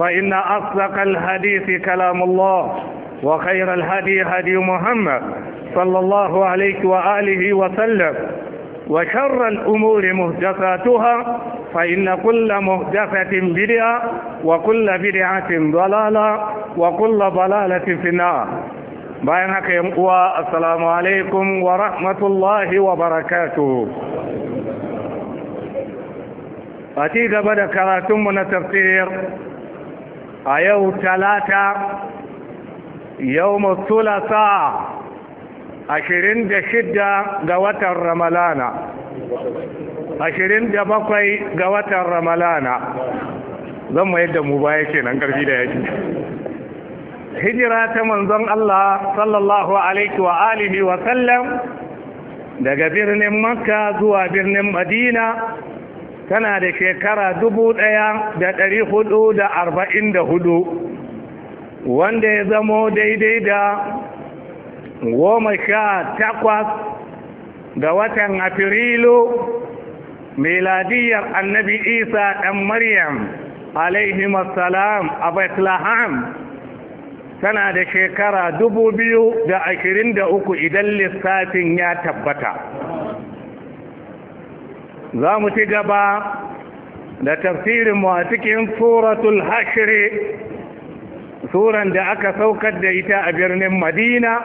فإن أصدق الحديث كلام الله وخير الهدي هدي محمد صلى الله عليه وآله وسلم وشر الأمور مهدفاتها فإن كل مهدفة بدعة وكل بدعة ضلالة وكل ضلالة في النار بينك يمقوى السلام عليكم ورحمة الله وبركاته أتيك بدك ثم تفسير a yau talata yau matulasa ashirin da shidda ga watan ramalana ashirin da bakwai ga watan ramalana zan mayar da mu baya nan karfi da yaki hijira ta manzon Allah sallallahu alaihi wa alihi wa sallam daga birnin makka zuwa birnin madina tana da shekara dubu ɗaya da ɗari hudu da arba'in da hudu wanda ya zamo daidai da goma sha takwas da watan afirilu miladiyar annabi isa ɗan maryam alaihimassalam a bethlehem tana da shekara dubu biyu da ashirin da uku idan lissafin ya tabbata za mu ci gaba da tafsirinmu a cikin suratul hashiri suran da aka saukar da ita a birnin madina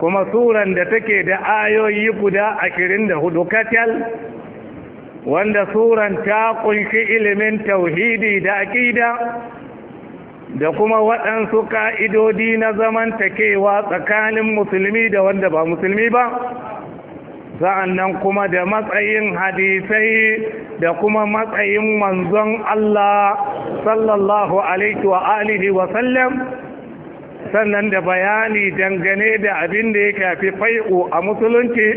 kuma suran da take da ayoyi guda ashirin da hudu kacal wanda suran ta kunshi ilimin tauhidi da aƙida da kuma waɗansu ƙa'idodi na zamantakewa tsakanin musulmi da wanda ba musulmi ba nan kuma da matsayin hadisai da kuma matsayin manzon Allah sallallahu alaihi wa alihi wa sallam sannan da bayani dangane da abin da ya kafi fai'u a musulunci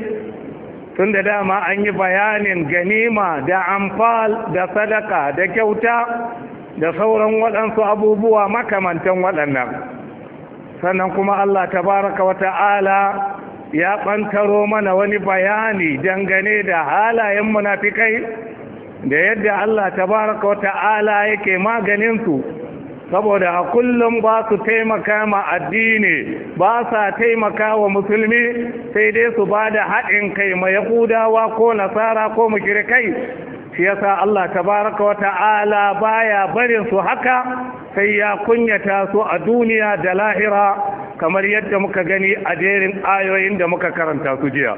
tun da dama an yi bayanin ganima da amfal da sadaka da kyauta da sauran waɗansu abubuwa makamantan waɗannan sannan kuma Allah tabaraka wa ta'ala ya ɓantaro mana wani bayani dangane da halayen munafikai da yadda Allah tabaraka wa ta'ala yake maganinsu saboda a kullum ba su taimaka ma addini ba sa taimaka wa musulmi sai dai su ba da haɗin kai ma yahudawa ko nasara ko mushrikai shi yasa Allah tabaraka wa ta'ala baya barin su haka sai ya kunyata su a duniya da lahira kamar yadda muka gani a jerin ayoyin da muka karanta su jiya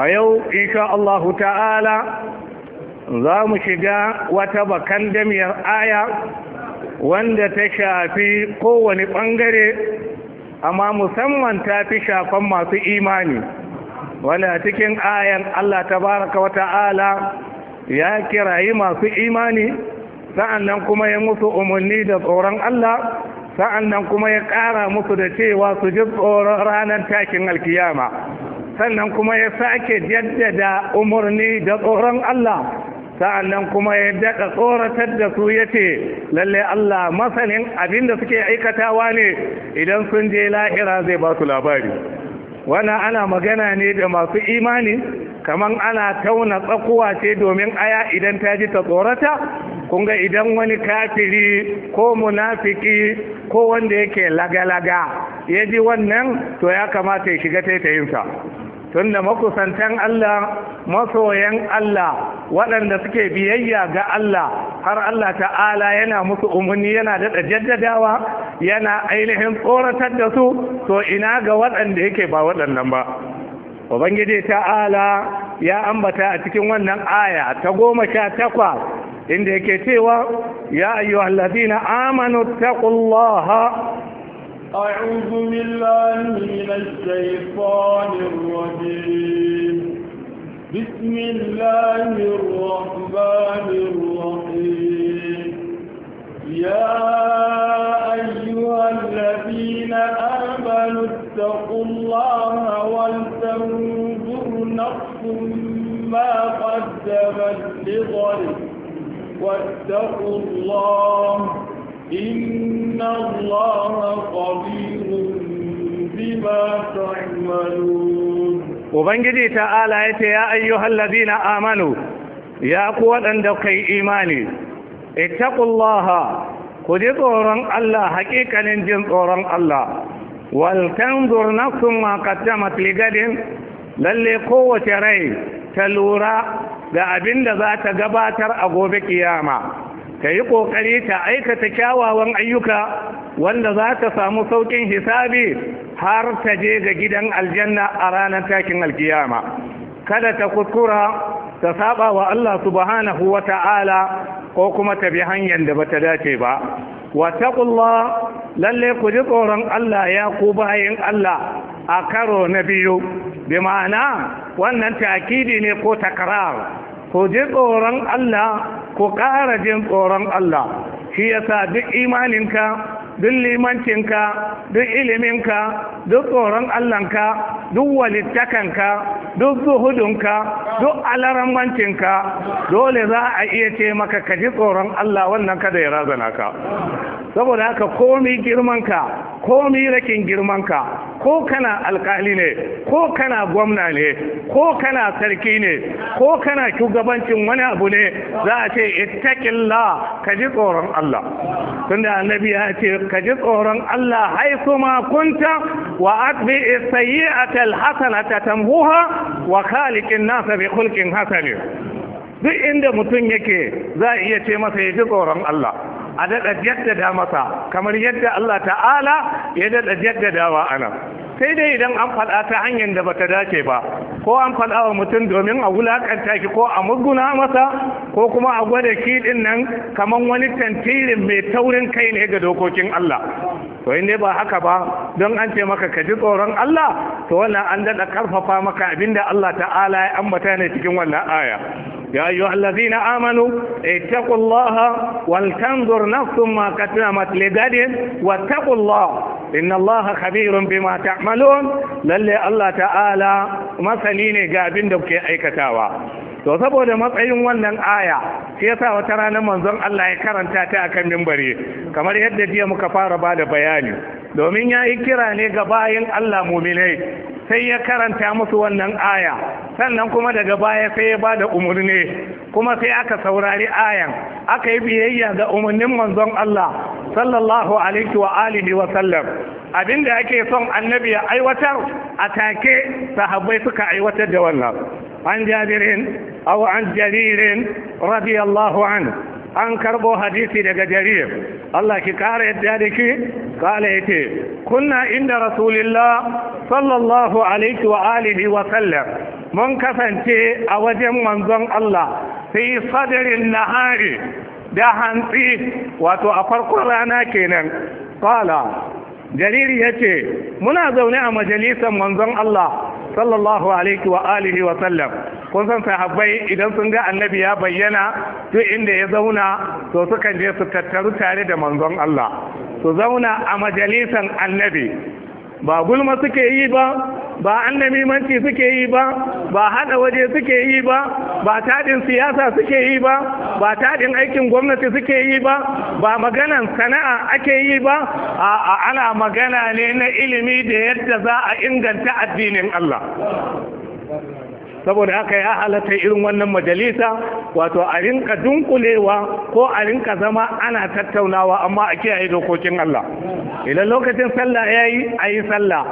a yau insha Allahu ta'ala za mu shiga wata bakan damiyar aya wanda ta shafi kowane ɓangare amma musamman ta fi shafan masu imani wanda cikin ayan Allah tabaraka wa ta'ala ya kirayi masu imani sa'annan kuma ya musu umarni da tsoron Allah sa'an nan kuma ya ƙara musu da cewa su ji tsoron ranar takin alkiyama sannan kuma ya sake da umarni da tsoron Allah sa'an nan kuma ya daga tsoratar da su ya ce lalle Allah masanin abin da suke aikatawa ne idan sun je la'ira zai ba su labari wannan ana magana ne da masu imani kaman ana tauna tsakuwa ce domin aya idan ta ji ta tsorata kunga idan wani kafiri ko munafiki ko wanda yake lagalaga ya ji wannan to ya kamata ya shiga taitayinsa tunda makusantan Allah masoyan Allah waɗanda suke biyayya ga Allah har Allah ta'ala yana musu umarni yana daɗa jaddadawa yana ainihin tsoratar da su to ina ga waɗanda yake ba waɗannan ba ubangiji ta'ala ya ambata a cikin wannan aya ta goma sha takwas inda yake cewa ya ayyuhal ladina amanu taqullaha أعوذ بالله من الشيطان الرجيم بسم الله الرحمن ya يا أيها الذين آمنوا آمنوا اتقوا الله ولتنظر نفس ما قدمت لغد واتقوا الله إن الله خبير بما تعملون Ubangiji ta'ala ya ce, “Ya ayyuhal ladina amanu, ya ku waɗanda kai imani, ittaqullaha ku ji tsoron Allah, hakikanin jin tsoron Allah, waltanzur nafsun ma qaddamat lalle kowace rai ta lura ga abin da za ta gabatar a gobe kiyama ta yi ƙoƙari ta aikata kyawawan ayyuka wanda za ta samu sauƙin hisabi har ta je ga gidan aljanna a ranar takin alkiyama kada ta kuskura ta saba wa Allah subhanahu wa ta'ala ko kuma ta bi hanyar da bata dace ba wattaqullah lalle ku ji tsoron Allah ya ku bayan Allah a karo na biyu bi ma'ana wannan takidi ne ko takara, ku ji tsoron Allah ku ƙara jin tsoron Allah shi yasa duk imaninka duk limancinka duk iliminka duk tsoron allanka, duk walittakanka duk zuhudunka duk alarammancinka dole za a iya ce maka ka ji tsoron allah wannan kada ya razana ka saboda haka komi girmanka komi rakin girmanka ko kana alkali ne ko kana gwamna ne ko kana sarki ne ko kana shugabancin wani abu ne za a ce la ka ji tsoron Allah tunda annabi ya ce ka ji tsoron Allah haiku ma kunta wa atbi sayyi'ata alhasanata tamhuha wa khaliqin nas bi khulqin hasan duk inda mutum yake za a iya ce masa ya ji tsoron Allah a daɗa jaddada masa kamar yadda Allah ta'ala ya daɗa jaddadawa a sai dai idan an faɗa ta hanyar da bata dace ba ko an faɗa wa mutum domin a wulakanta ki ko a muguna masa ko kuma a gwada ki din nan kamar wani tantirin mai taurin kai ne ga dokokin Allah to in ba haka ba don an ce maka ka ji tsoron Allah to wannan an daɗa karfafa maka abinda Allah ta'ala ya ambata ne cikin wannan aya يا أيها الذين آمنوا اتقوا الله ولتنظر نفس ما قدمت لغد واتقوا الله إن الله خبير بما تعملون للي الله تعالى مثلين قابين دبكي أي كتاوى to saboda matsayin wannan aya shi yasa wata ranar manzon Allah ya karanta ta akan mimbari kamar yadda jiya muka fara bada bayani domin ya yi kira ne ga bayin Allah muminai sai ya karanta musu wannan aya sannan kuma daga baya sai ya bada umarni kuma sai aka saurari ayan aka yi biyayya ga umarnin manzon Allah sallallahu alaihi wa alihi wa sallam abinda ake son annabi ya aiwatar a take sahabbai suka aiwatar da wannan an jabirin aw an jaririn radiyallahu anhu an karbo hadisi daga jarir Allah ki kara yadda da ki kala yace kunna inda rasulillah sallallahu alaihi wa alihi wa sallam mun kasance a wajen manzon Allah fi sadrin nahari da hantsi wato a farkon rana kenan kala jariri ya ce muna zaune a majalisar manzon Allah sallallahu alaihi wa alihi wa sallam kun san sahabbai idan sun ga annabi ya bayyana duk inda ya zauna to suka je su tattaru tare da manzon Allah su zauna a majalisan annabi ba gulma suke yi ba ba manci suke yi ba ba hada waje suke yi ba ba tadin siyasa suke yi ba ba tadin aikin gwamnati suke yi ba ba maganan sana'a ake yi ba a ana magana ne na ilimi da yadda za a inganta addinin Allah saboda haka ya halatta irin wannan majalisa wato a rinka dunkulewa ko a rinka zama ana tattaunawa amma a kiyaye dokokin Allah idan lokacin sallah yayi ayi sallah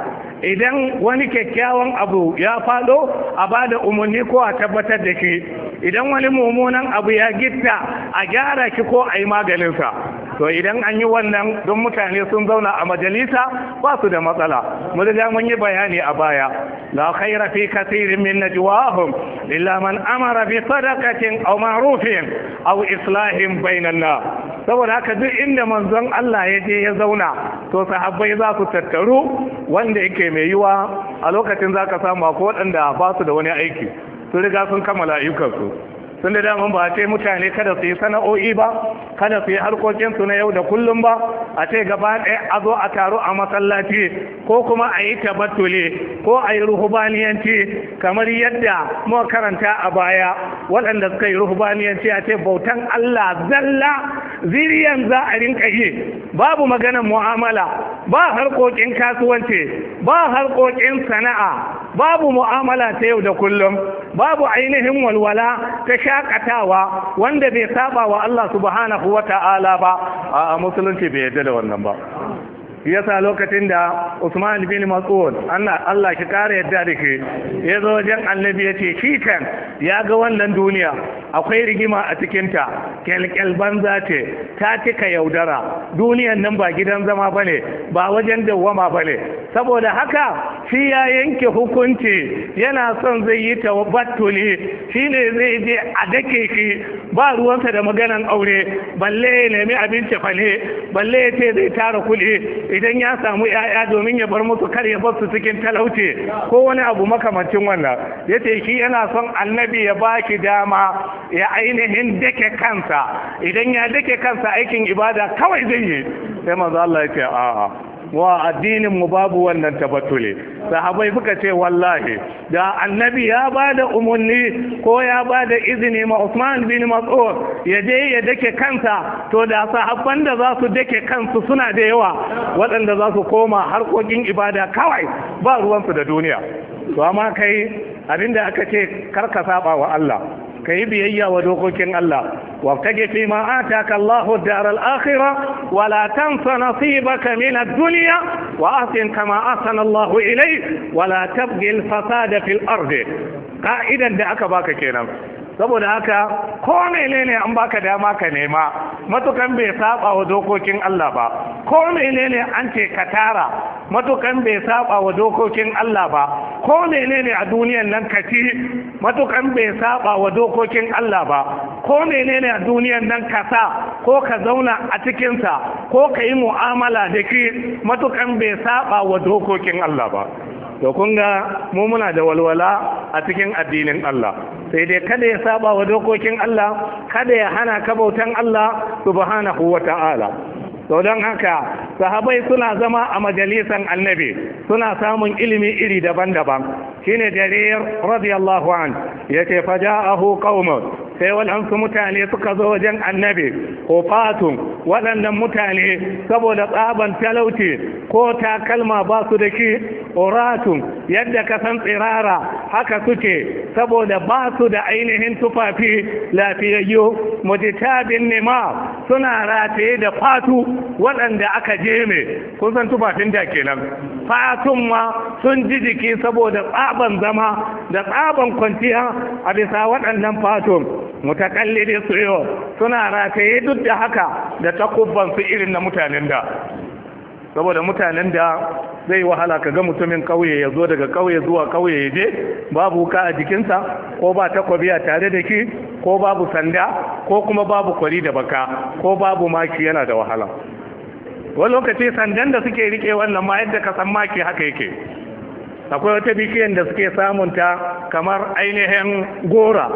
idan wani kyakkyawan abu ya faɗo a ba da umarni ko a tabbatar da shi idan wani mummunan abu ya gitta a gyara shi ko a yi maganinsa to idan an yi wannan don mutane sun zauna a majalisa ba su da matsala mun riga mun yi bayani a baya la khaira fi kathirin min najwahum illa man amara bi sadaqatin aw ma'rufin aw islahin bainan nas saboda haka duk inda manzon Allah ya je ya zauna to sahabbai za su tattaru wanda yake mai yiwa a lokacin za ka samu ko waɗanda ba su da wani aiki sun riga sun kammala ayyukansu Sun da dama ba a ce mutane kada su yi sana'o'i ba kada su yi harkokinsu na yau da kullum ba a ce gaba ɗaya a zo a taro a masallaci ko kuma a yi tabattule ko a yi ruhubaniyanci kamar yadda muka karanta a baya waɗanda suka yi ruhubaniyanci a ce bautan Allah zalla ziriyan za a rinka yi babu maganar mu'amala ba harkokin kasuwanci ba harkokin sana'a babu mu'amala ta yau da kullum babu ainihin walwala ta sha shakatawa wanda bai saba wa Allah subhanahu wata'ala ta'ala ba a musulunci bai yadda da wannan ba yasa lokacin da Usman bin Mas'ud Allah Allah ki kare yadda da ke ya zo wajen annabi yace ce shi ya ga wannan duniya akwai rigima a cikin ta kyalkyal banza ce ta cika yaudara duniyan nan ba gidan zama bane ba wajen dawwama bane saboda haka shi ya yanke hukunci yana son zai yi Shi shine zai je a dake shi ba ruwansa da maganan aure balle ya nemi abinci fale balle ya ce zai tara kuɗi idan ya samu ‘ya'ya domin ya bar musu kar ya bar su cikin talauci ko wani abu makamancin wannan ya ce shi yana son annabi ya baki dama ya ainihin dake kansa idan ya dake kansa aikin ibada kawai zai yi sai maza Allah ya ce a'a wa addinin mu babu wannan tabattule sahabai suka ce wallahi da annabi ya bada umarni ko ya bada izini ma Usman bin Mas'ud ya je ya dake kansa to da sahabban da za su dake kansu suna da yawa waɗanda za su koma harkokin ibada kawai ba ruwansu da duniya to amma kai abinda aka ce karka saba wa Allah ka yi biyayya wa dokokin Allah ta fi ma ataka Allahu daral akhira. wa la nasiba nasibaka min ad wa ahsin kama ahsana Allahu ilayk wa la fasada fil ardi ka'idan da aka baka kenan saboda haka ko menene an baka dama ka nema matukan bai saba wa dokokin Allah ba ko menene an ce ka tara matukan bai saba wa dokokin Allah ba ko menene a duniyan nan ka ci matukan bai saba wa dokokin Allah ba ko menene a duniyan nan ka sa ko ka zauna a cikinsa ko ka yi mu'amala da ki matukan bai saba wa dokokin Allah ba to kun ga mu muna da walwala a cikin addinin Allah sai dai kada ya saba wa dokokin Allah kada ya hana kabautan Allah subhanahu wa ta'ala to don haka sahabai suna zama a majalisan annabi suna samun ilimi iri daban-daban shine jarir radiyallahu an yake faja'ahu qaumun sai waɗansu mutane suka zo wajen annabi ko fatun waɗannan mutane saboda tsaban talauci ko takalma ba su da ki oratun yadda ka san tsirara haka suke saboda ba su da ainihin tufafi lafiyayyu mujitabin nema suna rataye da fatu waɗanda aka jeme kun san tufafin da kenan fatun ma sun ji jiki saboda tsaban zama da tsaban kwanciya a bisa waɗannan fatun mutakallidi su yau suna rataye duk da haka da takubban su irin na mutanen da saboda mutanen da zai wahala ka ga mutumin kauye ya zo daga kauye zuwa kauye ya je babu wuka a jikinsa ko ba takobi a tare da ki ko babu sanda ko kuma babu kwari da baka ko babu maki yana da wahala wani lokaci sandan da suke rike wannan ma yadda ka san maki haka yake akwai wata bikiyan da suke samunta kamar ainihin gora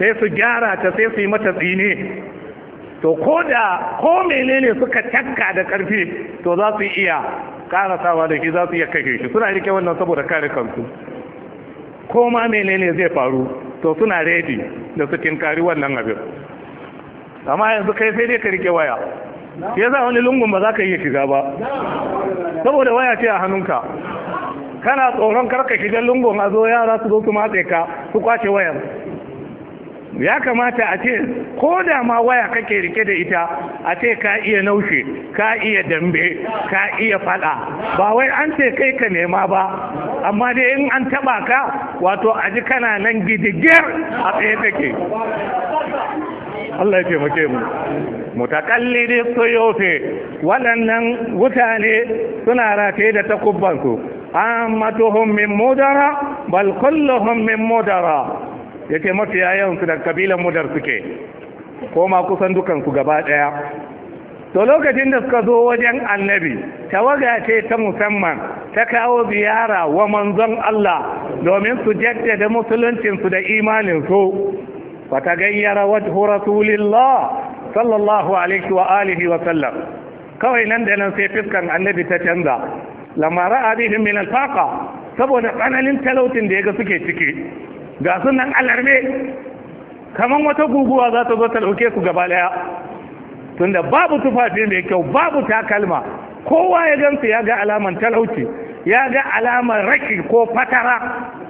sai su gyara ta sai su yi mata tsini to ko da ko menene suka takka da karfi to za su iya karasawa da shi za su iya kashe shi suna rike wannan saboda kare kansu ko ma menene zai faru to suna redi da su tinkari wannan abin amma yanzu kai sai dai ka rike waya ya za wani lungun ba za ka iya shiga ba saboda waya ce a hannunka kana tsoron karka shiga lungun a zo yara su zo su matse ka su kwace wayar ya kamata a ce ko da ma waya kake rike da ita a ce ka iya naushe ka iya dambe ka iya fada ba wai an ce kai ka nema ba amma dai in an taba ka wato a ji kana nan gidigiyar a tsaye take Allah ya taimake mu mutakallidi soyofe waɗannan mutane suna rataye da takubbansu an matuhun min mudara bal kulluhum min mudara ya ce mafiya yawansu da kabilan mudar suke ko ma kusan dukansu gaba ɗaya to lokacin da suka zo wajen annabi tawaga ce ta musamman ta kawo ziyara wa manzon Allah domin su jaddada musuluncinsu da imaninsu wa ta gayyara wajhu rasulillah sallallahu alaihi wa alihi wa sallam kawai nan da nan sai fiskan annabi ta canza lamara ra'a min alfaqa saboda tsananin talautin da yaga suke ciki ga sunan alarme kaman wata guguwa za ta zo ta ɗauke ku gaba daya tunda babu tufafi mai kyau babu takalma kowa ya gansu ya ga alaman talauci ya ga alaman raki ko fatara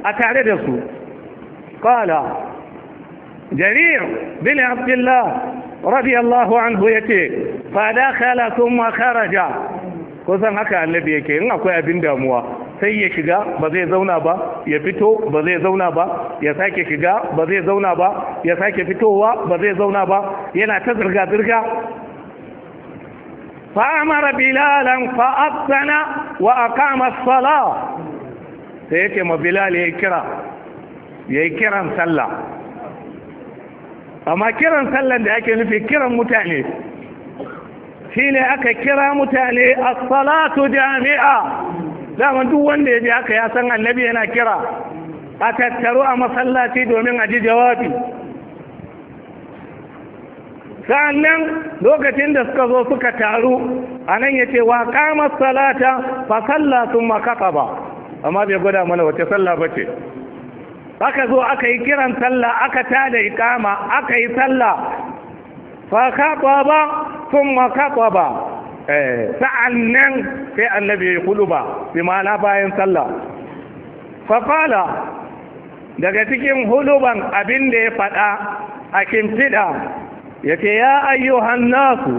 a tare da su kala jarir bin abdullah radiyallahu anhu yace fa dakhala thumma kharaja kusan haka annabi yake in akwai abin damuwa sai ya shiga ba zai zauna ba ya fito ba zai zauna ba ya sake shiga ba zai zauna ba ya sake fitowa ba zai zauna ba yana ta zirga-zirga fa'amara bilalan fa'assana wa aqama as-sala sai yake ma bilal ya yi kira yayi kiran sallah amma kiran sallan da ake nufi kiran mutane shine aka kira mutane a salatu jami'a dama duk wanda ya ji haka ya san annabi yana kira a tattaru a masallaci domin a ji jawabi sa'annan lokacin da suka zo suka taru a nan ya ce wa kamar salata fa salla sun makasa ba amma bai gwada mana wace sallah ba ce aka zo aka yi kiran sallah aka tada ikama aka yi sallah fa kaba ba sun makasa ba sa'an nan sai annabi ya yi kudu ba bi ma'ana bayan sallah fafala daga cikin huluban abin da ya faɗa a kimfiɗa ya ce ya ayyuhan nasu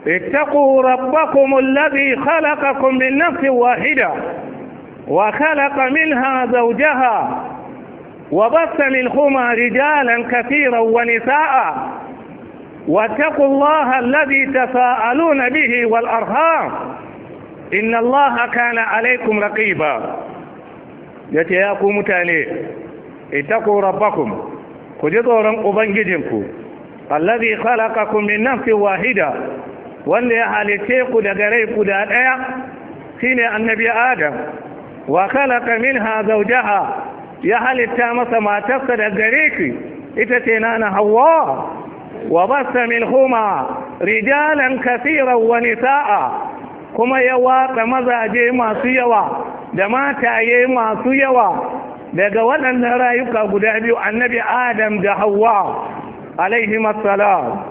اتقوا ربكم الذي خلقكم من نفس واحدة وخلق منها زوجها وبث منهما رجالا كثيرا ونساء واتقوا الله الذي تساءلون به والأرهام إن الله كان عليكم رقيبا يتياكم تاني اتقوا ربكم كجدورا أبنججنكم الذي خلقكم من نفس واحدة واني أهلتيك دقريك دانيا سين النبي آدم وخلق منها زوجها يا هل التامس ما تفقد الزريك اتتنان هواه وبث منهما رجالا كثيرا ونساء kuma ya watsa mazaje masu yawa da mataye masu yawa daga waɗannan rayuka guda biyu annabi adam da hawa alaihi masalam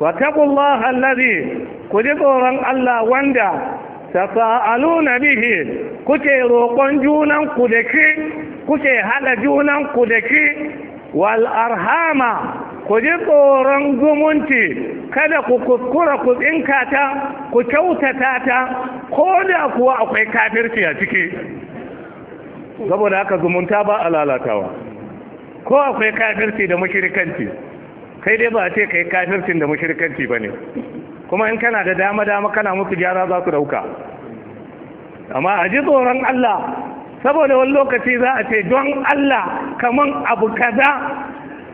wa taqullaha allazi ku ji tsoron Allah wanda tasa'aluna bihi kuke roƙon junan ku da ke kuke haɗa junan ku da ke wal arhama ku ji tsoron zumunci kada ku kuskura ku tsinka ta ku kyautata ta ko da kuwa akwai kafirci a ciki saboda haka zumunta ba a lalatawa ko akwai kafirci da mashirikanci kai dai ba a ce kai kafircin da mashirikanci ba ne kuma in kana da dama-dama kana musu gyara za su dauka amma a ji tsoron Allah saboda wani lokaci za a ce don Allah kamar abu kaza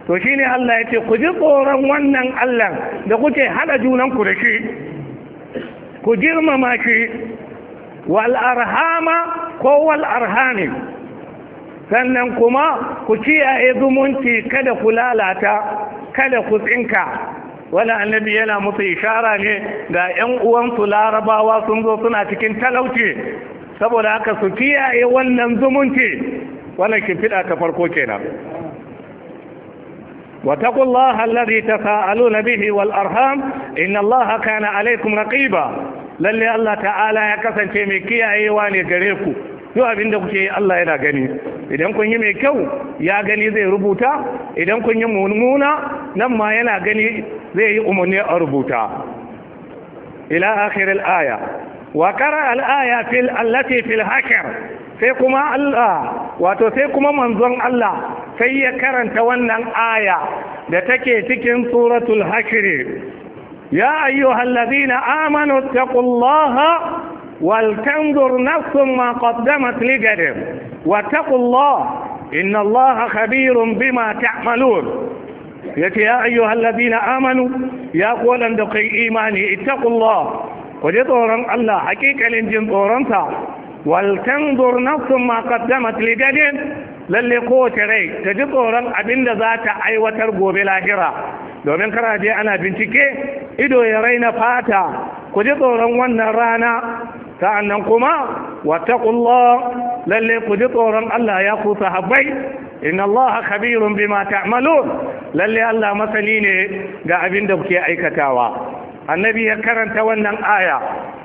to shi ne Allah ya ce ku ji tsoron wannan Allah da kuke hada junanku da shi ku girmama shi wal arhama ko wal arhami sannan kuma ku kiyaye zumunci kada ku lalata kada ku tsinka wani annabi yana musu ishara ne ga 'yan uwansu larabawa sun zo suna cikin talauci saboda haka su kiyaye wannan zumunci wannan shimfiɗa ta farko kenan واتقوا الله الذي تساءلون به والأرحام إن الله كان عليكم رقيبا للي الله تعالى يكسن تيميكي أيواني قريبكم duk abin da kuke Allah yana gani idan kun yi mai kyau ya gani zai rubuta idan kun yi mummuna nan ma yana gani zai yi umarni a rubuta ila akhir aya wa al'aya al-aya fil hakar sai kuma Allah wato sai kuma manzon Allah sai ya karanta wannan aya da take cikin suratul hashr ya ayyuhallazina amanu taqullaha wal tanzur nafsun ma qaddamat ligadin wa taqullaha inna Allaha khabirun bima ta'malun yace ya ayyuhallazina amanu ya kodan da kai imani ittaqullah ku ji tsoron Allah hakikalin jin tsoronsa waltanzur nafsun ma qaddamat ligadin lalle kowace rai ta ji tsoron abin da za ta aiwatar gobe lahira domin kana je ana bincike ido ya raina fata ku ji tsoron wannan rana sa'annan kuma wattaqullah lalle ku ji tsoron Allah ya ku sahabbai inna Allah khabirun bima ta'malun lalle Allah masani ne ga abin da kuke aikatawa annabi ya karanta wannan aya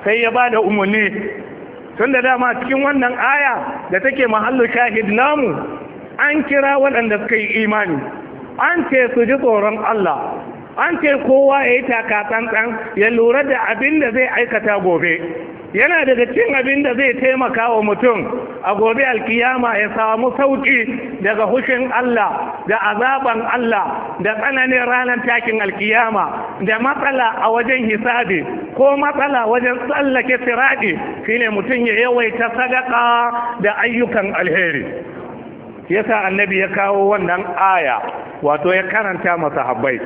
sai ya bada umarni tun da dama cikin wannan aya da take mahallu shahid namu an kira waɗanda suka yi imani an ce su ji tsoron Allah an ce kowa ya yi taka ya lura da abin da zai aikata gobe yana daga cin abin da zai taimaka wa mutum a gobe alkiyama ya samu sauki daga hushin Allah da azaban Allah da tsananin ranar takin alkiyama da matsala a wajen hisabi ko matsala wajen tsallake siraɗi shine mutum ya yawaita sadaka da ayyukan alheri yasa annabi ya kawo wannan aya wato ya karanta masa habbai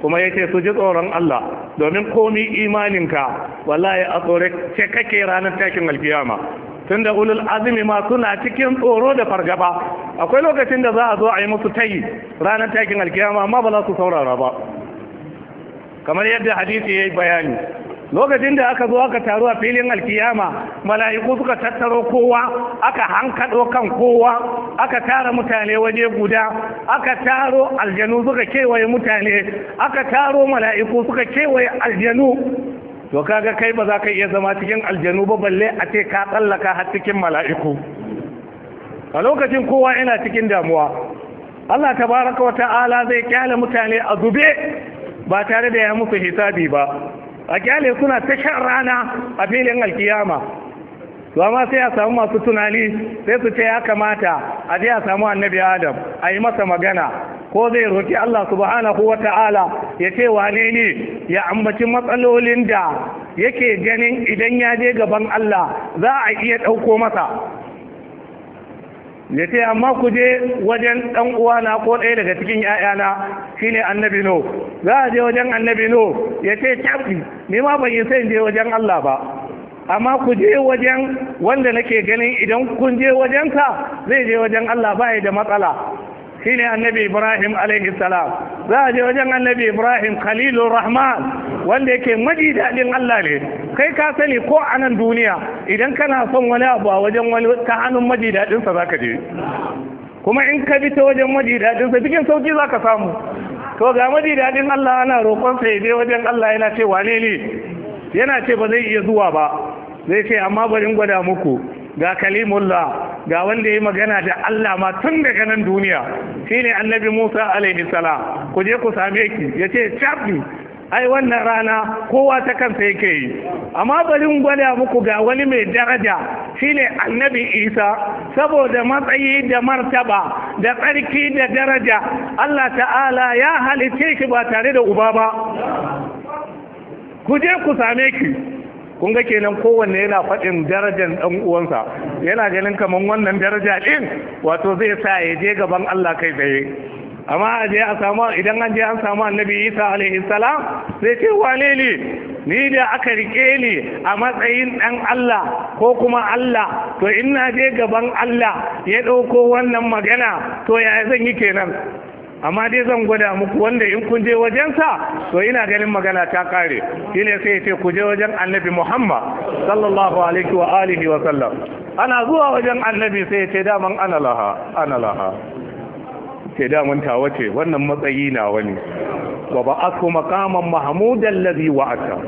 kuma ya ce su ji tsoron Allah domin komi imaninka wallahi a tsore ce kake ranar takin alkiyama tun da ulul azumi ma suna cikin tsoro da fargaba akwai lokacin da za a zo a yi musu tayi ranar takin alkiyama amma ba za su saurara ba kamar yadda hadisi ya yi bayani lokacin da aka zo aka taru a filin alkiyama mala'iku suka tattaro kowa aka hankado kan kowa aka tara mutane waje guda aka taro aljanu suka kewaye mutane aka taro mala'iku suka kewaye aljanu to kaga kai ba za ka iya zama cikin aljanu ba balle a ce ka tsallaka har cikin mala'iku a lokacin kowa ina cikin damuwa Allah tabaraka wa ta'ala zai kyale mutane a zube ba tare da ya musu hisabi ba a kyale suna ta shan rana a filin alkiyama ba ma sai a samu masu tunani sai su ce ya kamata a je a samu annabi adam a yi masa magana ko zai roƙi Allah subhanahu wa ta'ala ya ce wane ne ya ambaci matsalolin da yake ganin idan ya je gaban Allah za a iya ɗauko masa ya ce amma ku je wajen ɗan uwana ko ɗaya daga cikin ‘ya'yana shine annabi no za a je wajen annabi no ya ce cafi ni ma ban yi sai je wajen Allah ba amma ku je wajen wanda nake ganin idan kun je wajensa zai je wajen Allah ba da matsala shine annabi ibrahim alaihi salam za a je wajen annabi ibrahim khalilur rahman wanda yake maji dadin allah ne kai ka sani ko a nan duniya idan kana son wani abu a wajen wani ta hannun maji dadin sa zaka je kuma in ka bi ta wajen maji bikin sa cikin sauki zaka samu to ga maji daɗin allah ana roƙon sa je wajen allah yana ce wane ne yana ce ba zai iya zuwa ba zai ce amma bari gwada muku ga kalimullah ga wanda ya magana da Allah ma tun daga nan duniya shine annabi Musa alaihi salam ku je ku same ki yace chabi ai wannan rana kowa ta kansa yake yi amma bari in gwada muku ga wani mai daraja shine annabi isa saboda matsayi da martaba da tsarki da daraja allah ta'ala ya halice shi ba tare da uba ba ku je ku same ki kun ga kenan kowanne yana faɗin darajar ɗan uwansa yana ganin kamar wannan daraja din? wato zai sa ya je gaban Allah kai tsaye amma a je a samu idan an je an samu annabi Isa alaihi salam zai ce wane ne ni da aka rike ni a matsayin ɗan Allah ko kuma Allah to in na je gaban Allah ya ɗauko wannan magana to yaya zan yi kenan amma dai zan gwada muku wanda in kun je wajensa to ina ganin magana ta kare ne sai ce ku je wajen annabi Muhammad sallallahu alaihi wa alihi wa sallam ana zuwa wajen annabi sai ce daman ana laha ana laha ce daman ta wace wannan matsayi na wani wa ba'athu maqaman mahmudan ladhi wa'ata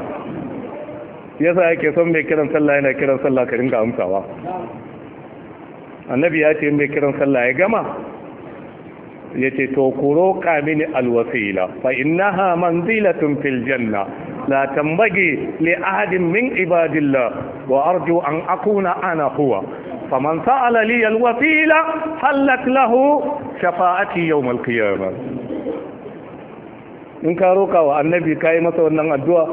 yasa yake son mai kiran sallah yana kiran sallah ka dinga amsawa annabi ya ce mai kiran sallah ya gama ya ce to ku roƙa mini alwasila fa ha manzilatun fil janna la tambagi li ahadin min ibadillah wa arju an akuna ana huwa faman sa'ala li alwasila hallat lahu shafa'ati yawm alqiyamah in ka roƙa wa annabi kai masa wannan addu'a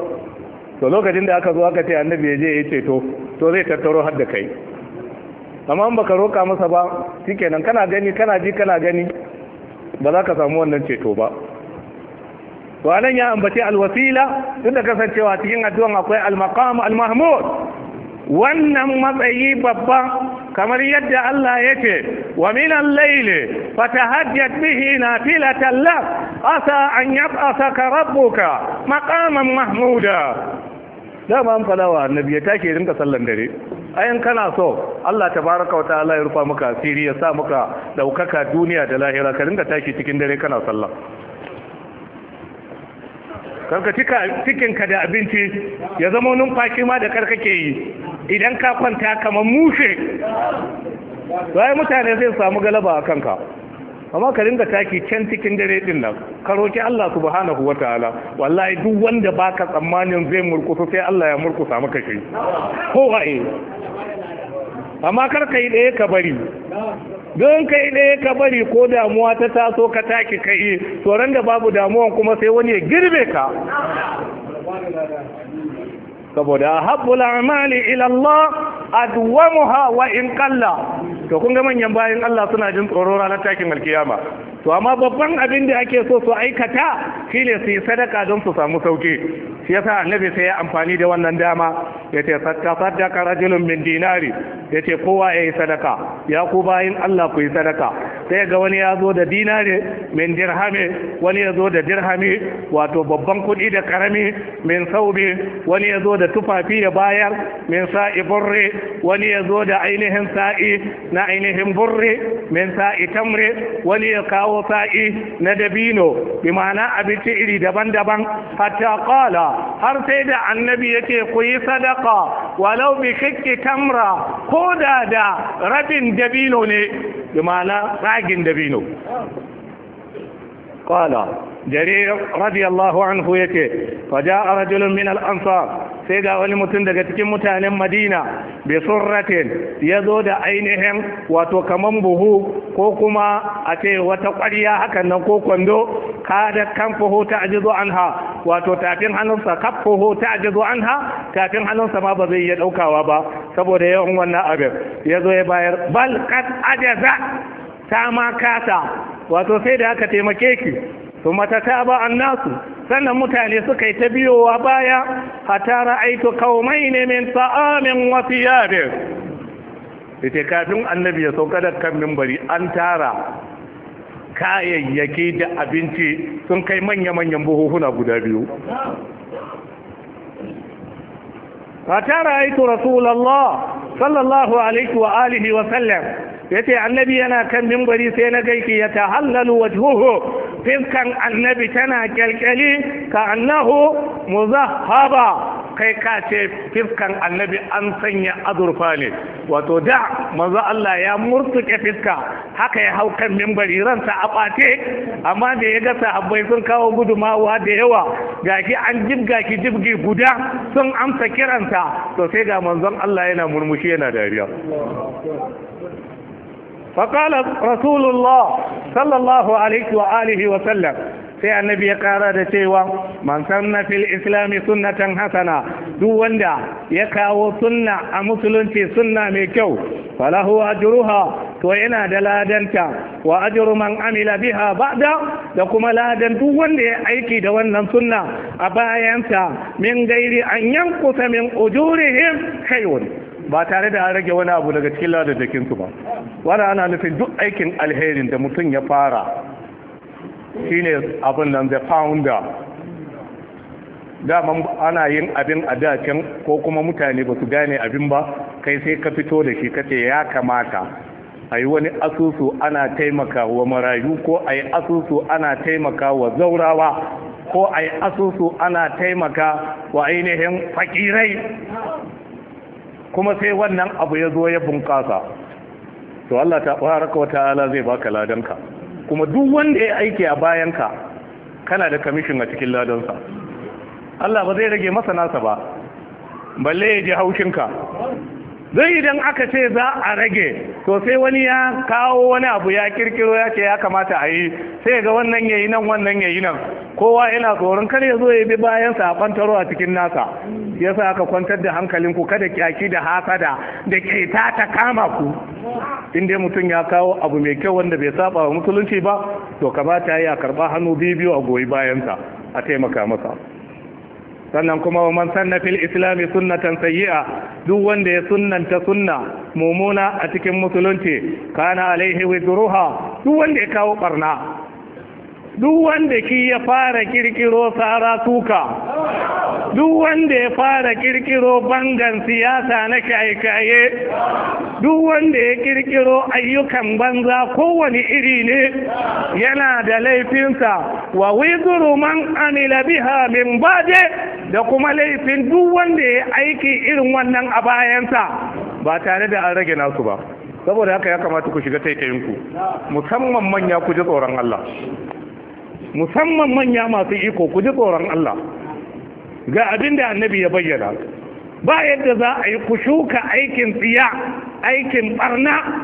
to lokacin da aka zo aka ce annabi ya je ya ceto to zai tattaro har da kai amma in baka roƙa masa ba shikenan kana gani kana ji kana gani ba za ka samu wannan ceto ba nan ya ambace alwasila duk da kasancewa cikin addu'an akwai almaqam almahmud wannan matsayi babba kamar yadda Allah ya ce wa minan Layli, fatahajjat bihi nafilatan lak asa an yab'asaka rabbuka maqaman mahmuda ba an falawa annabi ya take rinka sallan dare ayin kana so Allah ta baraka wa ta'ala ya rufa maka asiri ya sa maka daukaka duniya da lahira ka ringa tashi cikin dare kana sallah karka cika cikinka da abinci ya zama numfashi ma da karka ke yi idan ka kwanta kamar mushe wai mutane zai samu galaba a kanka amma ka ringa taki can cikin dare din nan ka roki Allah subhanahu wataala wallahi duk wanda baka tsammanin zai murkusu sai Allah ya murkusa maka shi ko amma kar kai ɗaya ka bari don kai ɗaya ka bari ko damuwa ta taso ka taki kai tsoron da babu damuwan kuma sai wani ya girbe ka saboda habbul amali ila Allah adwamuha wa in qalla to kun ga manyan bayan Allah suna jin tsoro ranar takin alkiyama to amma babban abin da ake so su aikata shi ne su yi sadaka don su samu sauki shi yasa annabi sai ya amfani da wannan dama ya ce sadaka rajulun min dinari Ya ce kowa ya yi sadaka ya ku bayin Allah ku yi sadaka sai ga wani ya zo da dinari min dirhami wani ya zo da dirhami wato babban kuɗi da karami min saubi wani ya zo da tufafi ya bayar min sa'i burri wani ya zo da ainihin sa'i na ainihin burri min sa'i tamri wani ya kawo sa'i na dabino bi ma'ana abinci iri daban-daban hatta qala har sai da annabi yake ku yi sadaka walau bi kikki tamra ko da da rabin dabino ne bi ma'ana tsagin dabino qala jarir radiyallahu anhu yake fa ja'a rajulun min al-ansar sai ga wani mutum daga cikin mutanen madina bai surratin ya zo da ainihin wato kaman buhu ko kuma a ce wata ƙwariya hakan nan ko kwando kada kan fuhu ta an ha wato tafin hannunsa kan fuhu ta an ha tafin hannunsa ma ba zai iya ɗaukawa ba saboda yawan wannan abin ya zo ya bayar bal kad ajaza ta ma kata wato sai da aka taimake ki su ta ba an nasu sannan mutane suka yi ta biyowa baya hata ra'aitu kaumai ne min sa'amin wasu yare. ita kafin annabi ya sauka da kan mimbari an tara kayayyaki da abinci sun kai manya-manyan buhuhuna guda biyu A tara aito rasulallah sallallahu alaihi wa alihi wa sallam yace annabi yana kan mimbari sai na gaiki ya tahallalu wajhuhu fiskan annabi tana kyalkyali ka annahu muzahaba kai ka ce fiskan annabi an sanya azurfa ne wato da manzo Allah ya murtuke fiska haka ya hau kan mimbari ransa a ɓace amma da ya ga sahabbai sun kawo gudumawa da yawa gaki an jibga ki jibgi guda sun amsa kiranta to sai ga manzon Allah yana murmushi yana dariya فقال رسول الله صلى الله عليه وآله وسلم sai annabi ya kara da cewa man sanna fil islami sunnatan hasana duk wanda ya kawo sunna a musulunci sunna mai kyau falahu ajruha to yana da ladanta wa ajru man amila biha ba'da da kuma ladan duk wanda ya aiki da wannan sunna a bayansa min gairi an yankusa min ujurihim khayrun ba tare da an rage wani abu daga cikin ladadakinsu ba wani ana nufin duk aikin alherin da mutum ya fara shine abin nan the founder daman ana yin abin a dacen ko kuma mutane ba su gane abin ba kai sai ka fito da shi kace ya kamata a yi wani asusu ana taimaka wa marayu ko a yi asusu ana taimaka wa zaurawa ko a yi asusu ana taimaka wa ainihin fakirai kuma sai wannan abu ya zo ya bunƙasa to Allah ta baraka wa ta'ala zai baka ladanka kuma duk wanda ya aiki a bayanka kana da kamishin a cikin ladansa Allah ba zai rage masa nasa ba balle ya ji haushin ka. zai idan aka ce za a rage to sai wani ya kawo wani abu ya kirkiro ya ce ya kamata a yi sai ga wannan yayi nan wannan yayi nan kowa yana tsoron kar ya zo ya bi bayan sa kwantaro a cikin nasa yasa aka kwantar da hankalin ku kada kyaki da hasada da keta ta kama ku in dai mutum ya kawo abu mai kyau wanda bai saba wa musulunci ba to kamata ya karba hannu biyu biyu a goyi bayan sa a taimaka masa sannan kuma wa man sanna fil islami sunnatan sayyi'a duk wanda ya sunnanta sunna mumuna a cikin musulunci kana alaihi wizruha duk wanda ya kawo barna duk wanda ki ya fara kirkiro tsara suka duk wanda ya fara kirkiro bangan siyasa na kayakaye kaye duk wanda ya kirkiro ayyukan banza kowane iri ne yana da laifinsa wa wizuru man amila biha min baje da kuma laifin duk wanda ya aiki irin wannan a bayansa ba tare da an rage nasu ba saboda haka ya kamata ku shiga taitayinku musamman manya ku ji tsoron Allah musamman manya masu iko ku ji tsoron Allah ga abin da annabi ya bayyana ba yadda za a yi ku shuka aikin tsiya aikin barna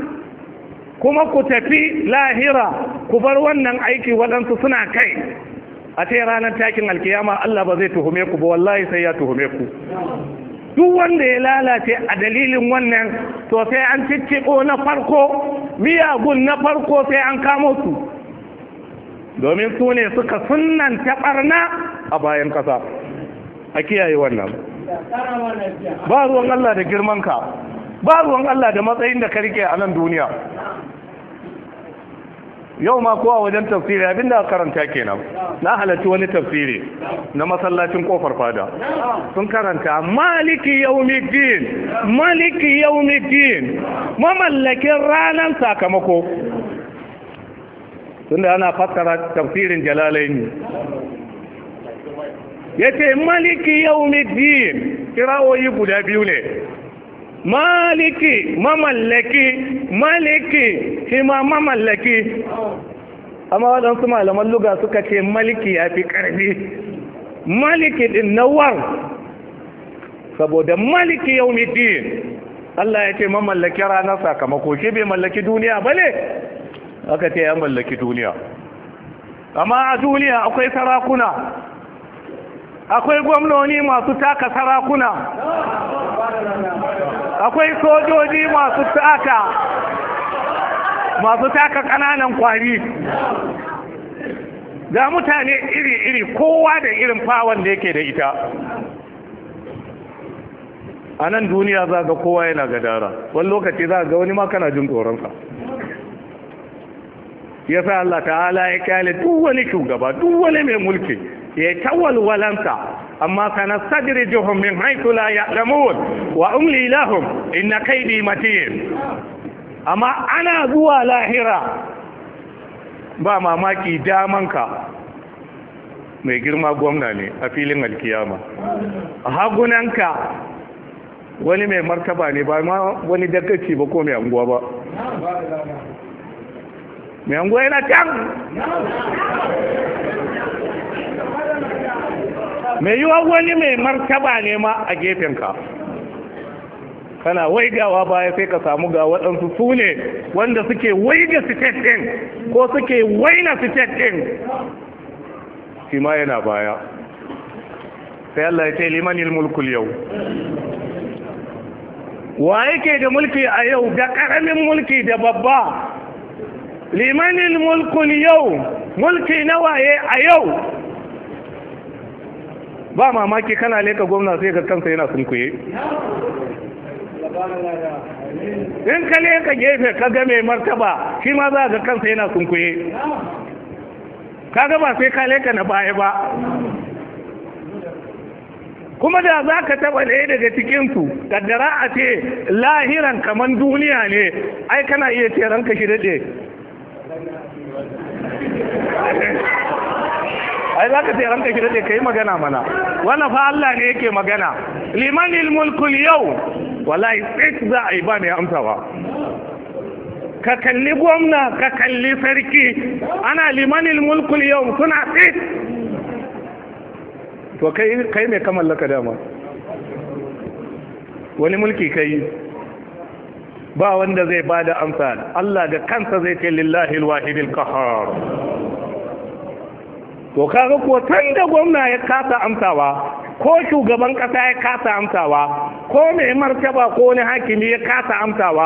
kuma ku tafi lahira ku bar wannan aiki waɗansu suna kai a ce ranar takin alkiyama Allah ba zai tuhume ku ba wallahi sai ya tuhume ku duk wanda ya lalace a dalilin wannan to sai an cicciko na farko miyagun na farko sai an kamo su domin su ne suka sunan taɓarna a bayan ƙasa a kiyaye wannan ba ruwan Allah da girmanka ba ruwan Allah da matsayin da karke a nan duniya yau ma kowa wajen tafsiri abinda karanta kenan na halarci wani tafsiri na masallacin kofar fada sun karanta maliki yaumiddin maliki yaumiddin mamallakin ranar sakamako tunda ana fassara tafsirin jalalaini yace maliki yawmiddin kirawoyi guda biyu ne maliki mamallaki maliki shi ma mamallaki amma waɗansu malaman luga suka ce maliki ya fi ƙarfi maliki ɗin nawar saboda maliki yawmiddin Allah ya ce mamallaki ranar sakamako shi bai mallaki duniya ba aka ce ya mallaki duniya amma a duniya akwai sarakuna akwai gwamnoni masu taka sarakuna akwai sojoji masu taka masu taka kananan kwari ga mutane iri-iri kowa da irin fawon da yake da ita a nan duniya za ga kowa yana gadara wani lokaci za ga wani ma kana jin tsoronsa ya sa Allah ta'ala ya kyale duk wani shugaba duk wani mai mulki ya tawalwalanta amma kana sadiri juhum min haythu la ya'lamun wa umli lahum inna bi matiyin amma ana zuwa lahira ba mamaki damanka mai girma gwamna ne a filin alkiyama hagunanka wani mai martaba ne ba wani dagaci ba ko mai anguwa ba mai goyi na can mai yiwa wani mai martaba ne ma a gefenka kana waigawa baya sai ka samu ga waɗansu su ne wanda suke waiga sitet ɗin ko suke waina sitet ɗin shi ma yana baya sai Allah ya ce limanil mulkul yau wa yake da mulki a yau da ƙaramin mulki da babba limanin mulkul yau mulki nawaye a yau ba mamaki kana leka gwamna sai ga kansa yana sunkuye in ka leka gefe ka ga mai martaba shi ma za ga kansa yana sunkuye ka ga ba sai ka leka na baya ba kuma da za ka taɓa ɗaya daga cikinsu kaddara a ce lahiran kamar duniya ne ai kana iya ce ranka shi daɗe ai za ka sai ranka ki daɗe ka yi magana mana wannan fa Allah ne yake magana limanil mulkul yau wallahi sai za a yi ba ne amsawa. ka kalli gwamna ka kalli sarki ana limanil mulkul yau suna tsit to kai mai kamallaka dama wani mulki kai ba wanda zai ba da amsa Allah da kansa zai ce lillahi alwahidil qahhar to kaga ko tun da gwamna ya kasa amsawa ko shugaban kasa ya kasa amsawa ko mai martaba ko wani hakimi ya kasa amsawa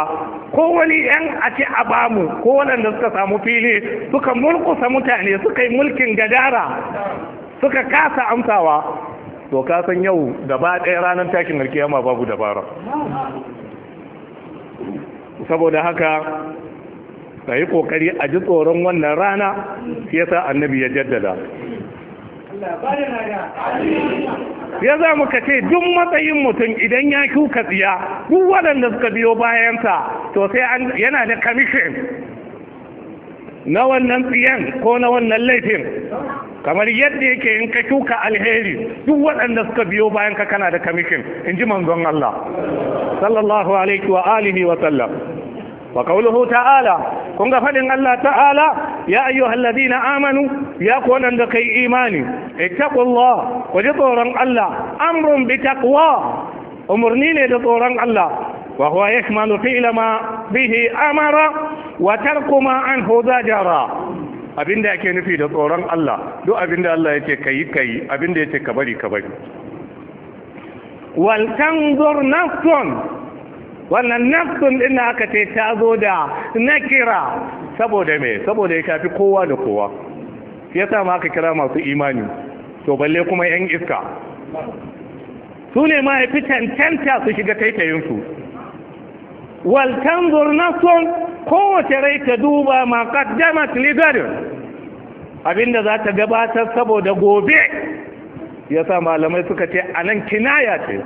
ko wani yan a ce a bamu ko waɗanda suka samu fili suka mulkusa mutane suka yi mulkin gadara suka kasa amsawa to kasan yau gaba ɗaya ranar takin alkiyama babu dabara saboda haka ka yi kokari a ji tsoron wannan rana shi ya sa annabi ya jaddada ya za mu ka ce duk matsayin mutum idan ya kuka tsiya duk waɗanda suka biyo bayansa to sai yana da kamishin na wannan tsiyan ko na wannan laifin kamar yadda yake in ka shuka alheri duk waɗanda suka biyo bayan ka kana da kamishin in ji manzon Allah sallallahu alaihi wa alihi wa sallam wa qawluhu ta'ala kun ga fadin Allah ta'ala ya ayyuhalladhina amanu ya ku da kai imani ittaqullah ku tsoron Allah amrun bi umurni ne da tsoron Allah wa huwa yakmalu fi'la ma bihi amara wa tarku ma anhu zajara abinda yake nufi da tsoron Allah duk abinda Allah yake kai kai abinda yake ka bari ka bari wal tanzur nafsun wannan nafsun din aka ce ta zo da nakira saboda me saboda ya shafi kowa da kowa ya sa ma aka kira masu imani to balle kuma yan iska su ne ma yafi cancanta su shiga taitayinsu wal tanzur nafsun kowace rai ta duba ma qaddamat li abinda za ta gabatar saboda gobe ya sa malamai suka ce anan kinaya ce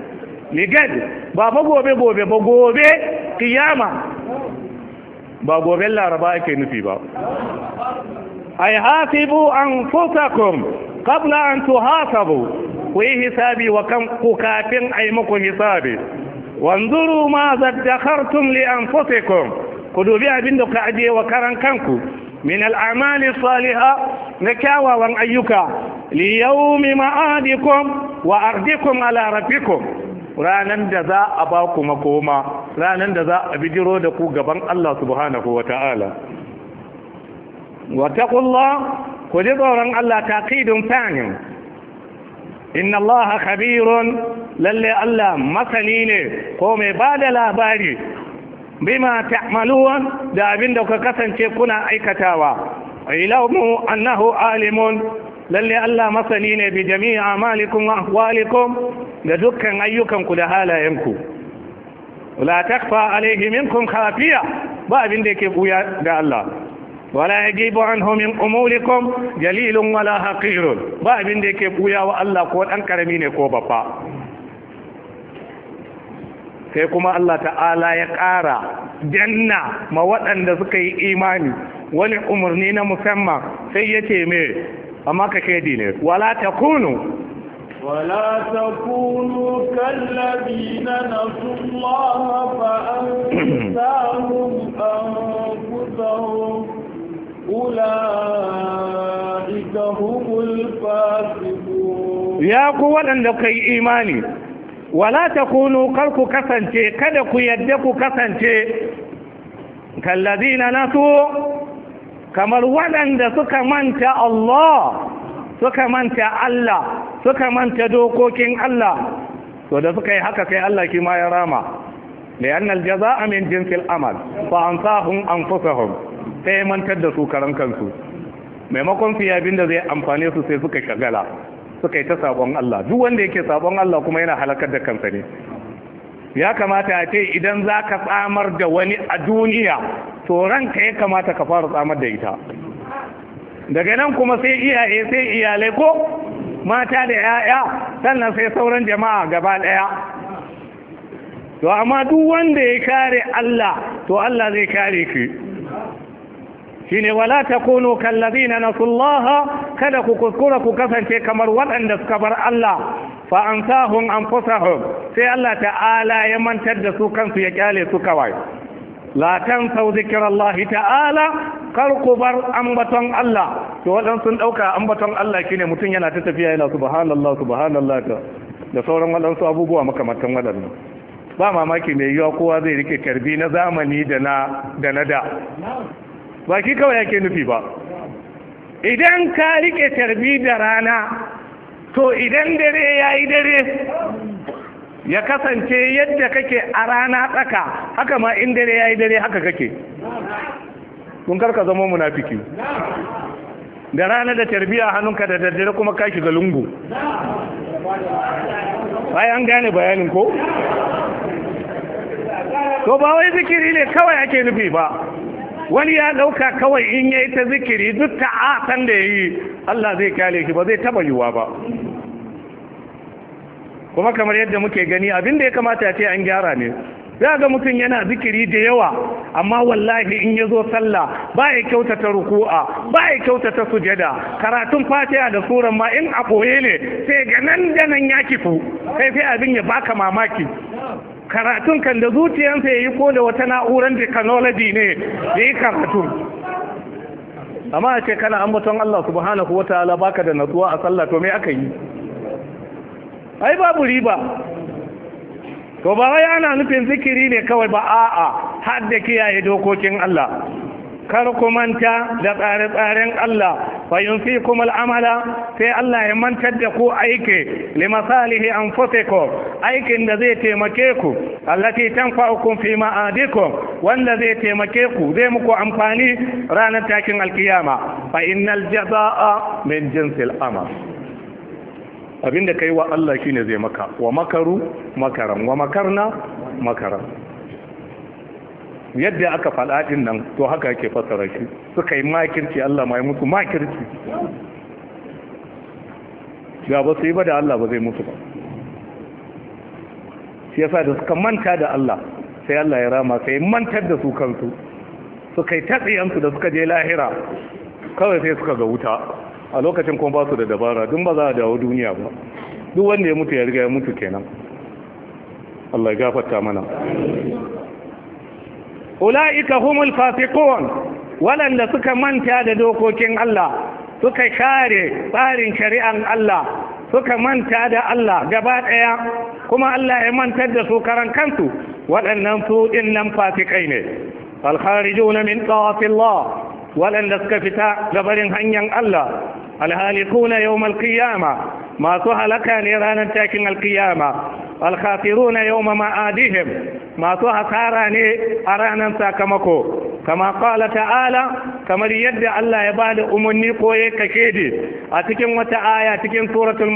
ligad ba fa gobe gobe ba gobe kiyama ba gobe laraba ake nufi ba ay hasibu anfusakum qabla an tuhasabu wa hisabi wa kam ku ay muku hisabi wanzuru ma zaddakhartum li anfusikum ku dubi abin da aje wa karan kanku من الأعمال الصالحة نكاوى وأن ayyuka ليوم معادكم وأرضكم على ربكم ranan da za a ba ku makoma ranan da za a bijiro da ku gaban Allah subhanahu wa ta'ala wa ku ji tsoron Allah taqidun fanin inna Allah khabirun lalle Allah masani ne ko mai ba da labari bima ta'maluwan da abin da kuka kasance kuna aikatawa ilamu annahu alimun lalle Allah masani ne bi jami'i amalikum wa ahwalikum da dukkan ayyukanku da halayenku la takfa alayhi minkum khafiya ba abin da yake buya ga Allah wala yajibu anhu min umulikum jalilun wala haqirun ba abin da yake buya wa Allah ko dan karami ne ko babba sai kuma Allah ta'ala ya ƙara janna ma waɗanda suka yi imani wani umarni na musamman sai ya ce mai amma ka kai dine wala ta kunu wala ta kunu kallabi na nasuwa fa an samu ɓangutahun kula ita hukul fasiku ya ku waɗanda ka yi imani wala ta kunu karku kasance kada ku yadda ku kasance kallabi na nasuwa kamar waɗanda suka manta Allah suka manta Allah suka manta dokokin Allah to da suka yi haka sai Allah kima ya rama jazaa min jinsil amal fa ansahum أنفسهم sai mantar da su karan kansu maimakon su yabin da zai amfane su sai suka shagala suka yi ta sabon Allah duk wanda yake sabon Allah kuma yana halakar da kansa ne ya kamata a ce idan za ka tsamar da wani a duniya to ranka ya kamata ka fara tsamar da ita daga nan kuma sai iyaye sai iyalai ko mata da 'ya'ya sannan sai sauran jama'a gaba ɗaya to amma duk wanda ya kare Allah to Allah zai kare ki shine wala takunu kallazina nasullaha kada ku kuskura ku kasance kamar waɗanda suka bar Allah fa an sahun an sai Allah ta'ala ya mantar da su kansu ya kyale su kawai la zikir Allah ta'ala kar ku bar ambaton Allah to wadan sun dauka ambaton Allah shine mutun yana ta tafiya yana subhanallah subhanallah ta da sauran su abubuwa makamantan wadannan ba mamaki mai yiwa kowa zai rike karbi na zamani da na da na ba ki kawai yake nufi ba idan ka rike tarbi da rana to idan dare ya yi dare ya kasance yadda kake a rana tsaka haka ma in dare ya yi dare haka kake kun karka zama munafiki da rana da tarbiya hannunka da daddare kuma ka shiga lungu bayan gane bayanin ko to ba wai zikiri ne kawai ake nufi ba wani ya ɗauka kawai in yayi ta zikiri duk ta'atan da ya yi Allah zai kyale shi ba zai taba yiwuwa ba kuma kamar yadda muke gani abin da ya kamata ce an gyara ne za ga mutum yana zikiri da yawa amma wallahi in ya zo sallah ba ya kyautata ruku'a ba ya kyautata sujada karatun fatiha da suran ma in a ne sai ga nan da nan ya kifu sai sai abin ya baka mamaki karatun kan da zuciyansa ya yi ko da wata na'urar technology ne ya yi karatun amma a ce kana ambaton Allah subhanahu wa ta'ala baka da natsuwa a sallah to me aka yi ai babu riba to ba wai ana nufin zikiri ne kawai ba a'a har da kiyaye dokokin Allah kar ku manta da tsare-tsaren Allah fa kuma al'amala sai Allah ya mantar da ku aiki salihi an anfusikum aikin da zai taimake ku allati tanfa'ukum fi ma'adikum wanda zai taimake ku zai muku amfani ranar takin alkiyama fa innal jazaa'a min jinsil amal abinda kai wa Allah shine zai maka wa makaru makaran wa makarna makaran yadda aka faɗa nan to haka yake fasara shi suka yi makirci Allah ma ya mutu makirci ga ba su yi ba da Allah ba zai mutu ba shi yasa da suka manta da Allah sai Allah ya rama sai mantar da su kansu suka yi tatsiyansu da suka je lahira kawai sai suka ga wuta a lokacin kuma ba su da dabara dun ba za a dawo duniya ba duk wanda ya mutu ya riga ya mutu kenan Allah ya gafarta mana ula'ika humul fasiqun waɗanda suka manta da dokokin Allah suka share tsarin shari'an Allah suka manta da Allah gaba ɗaya kuma Allah ya mantar da su karan kansu waɗannan su ɗin nan fasikai ne alkharijuna min tawafillah waɗanda suka fita gabarin hanyar Allah alhalikuna yawmal qiyama masu halaka ne ranar takin alkiyama na yawma ma'adihim masu hasara ne a ranar sakamako kama qala ta'ala kamar yadda Allah ya bada umarni ko ya kakedi a cikin wata aya cikin suratul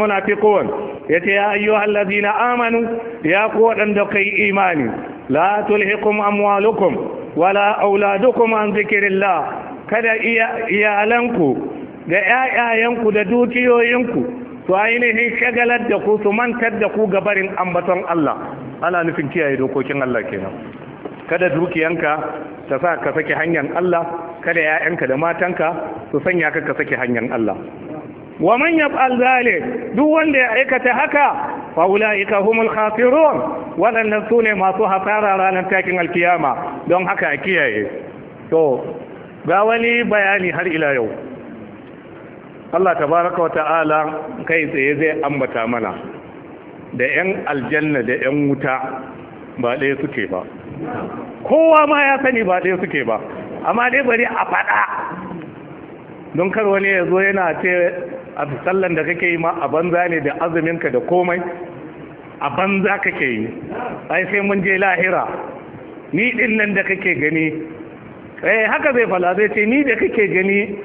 ya yace ya ayyuhallazina amanu ya ku wadanda kai imani la tulhikum amwalukum wala auladukum an zikirillah kada iyalanku da ‘ya'yayenku da dukiyoyinku su ainihin shagalar da ku su mantar da ku gabarin ambaton Allah ana nufin kiyaye dokokin Allah kenan kada dukiyanka ta sa ka sake hanyar Allah kada ‘ya'yanka da matanka su sanya ka ka sake hanyar Allah wa man yaf'al zalik duk wanda ya aikata haka fa ulaika humul khasirun wadannan sune masu hasara ranar takin alkiyama don haka a kiyaye to ga wani bayani har ila yau Allah tabaraka wa ta'ala kai tsaye zai ambata mana da 'yan aljanna da 'yan wuta ba ɗaya suke ba kowa ma ya sani ba ɗaya suke ba amma dai bari a faɗa don kar wani ya zo yana ce a sallan da kake yi ma a banza ne da azuminka da komai a banza kake yi ai sai mun je lahira ni ɗin nan da kake gani eh haka zai fala zai ce ni da kake gani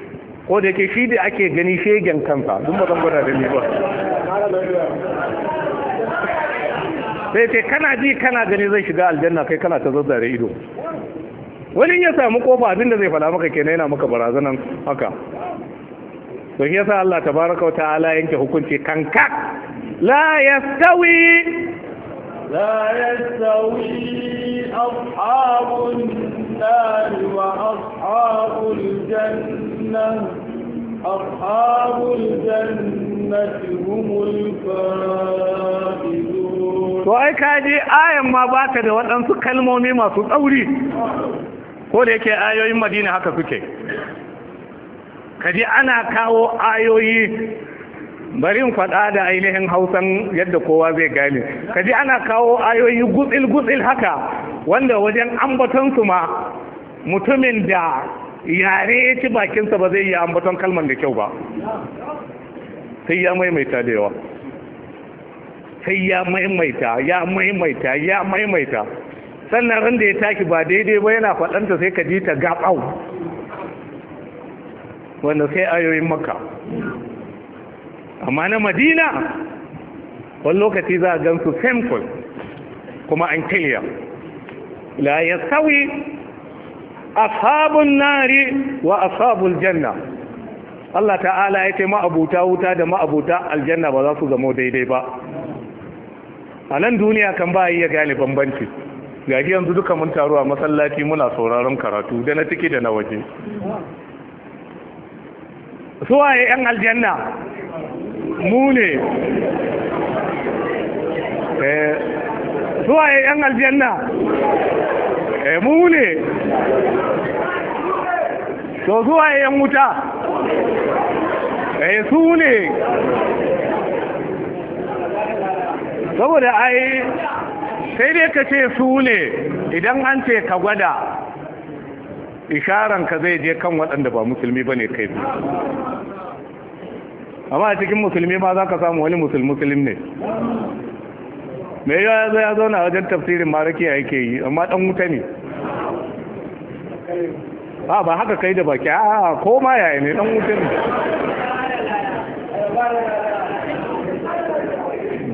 ko da ke shi da ake gani shegen kansa duk ba zan gwada da ni ba sai ce kana ji kana gani zai shiga aljanna kai kana ta zazzare ido wani ya samu kofa abin da zai fala maka kenan yana maka barazanan haka to shi yasa Allah tabaraka wa ta'ala yanke hukunci kanka la yastawi لا يستوي أصحاب النار وأصحاب الجنة أصحاب الجنة هم الفائزون وأي كاجي آية ما da waɗansu kalmomi masu tsauri ko da yake ayoyin madina haka suke kaji ana kawo ayoyi bari in faɗa da ainihin hausan yadda kowa zai gane kaji ana kawo ayoyi gutsil-gutsil haka wanda wajen su ma mutumin da yare ya ci bakinsa ba zai yi ambaton kalman da kyau ba sai ya maimaita da yawa sai ya maimaita ya maimaita ya maimaita sannan ran ya taki ba daidai ba yana faɗanta sai ka ji ta gaɓau wanda sai ayoyin maka amma na madina wani lokaci za a gansu simple kuma an kiliya la ya sauyi ashabun nari wa ashabun janna Allah ta'ala ya ce ma'abuta wuta da ma'abuta aljanna ba za su zama daidai ba a nan duniya kan ba iya gane bambanci ga yanzu duka mun taru a masallaci muna sauraron karatu da na ciki da na waje suwaye yan aljanna mu ne zuwa eh, yan aljanna eh, mu ne to zuwa yan wuta eh, su ne saboda ai sai dai ka ce su idan an ce ka gwada isharanka zai je kan waɗanda ba musulmi ba ne kai amma a cikin musulmi ma za ka samu wani musulmi ne mai yau ya zo ya wajen tafsirin maraki ya yake yi amma dan wuta ne a ba haka kai da baki a ko ma yaya ne dan wuta ne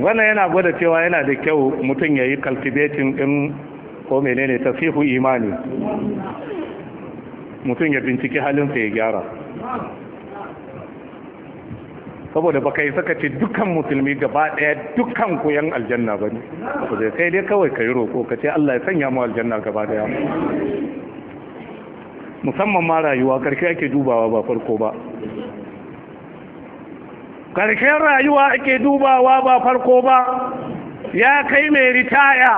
wannan yana gwada cewa yana da kyau mutum ya yi cultivating din ko menene tasihu imani mutum ya binciki halinsa ya gyara saboda baka yi saka ce dukkan musulmi gaba daya dukkan koyan aljanna ba ne sai dai kawai ka yi roƙo ka ce Allah ya sanya mu aljanna gaba daya musamman ma rayuwa karshe ake dubawa ba farko ba karshen rayuwa ake dubawa ba farko ba ya kai mai ritaya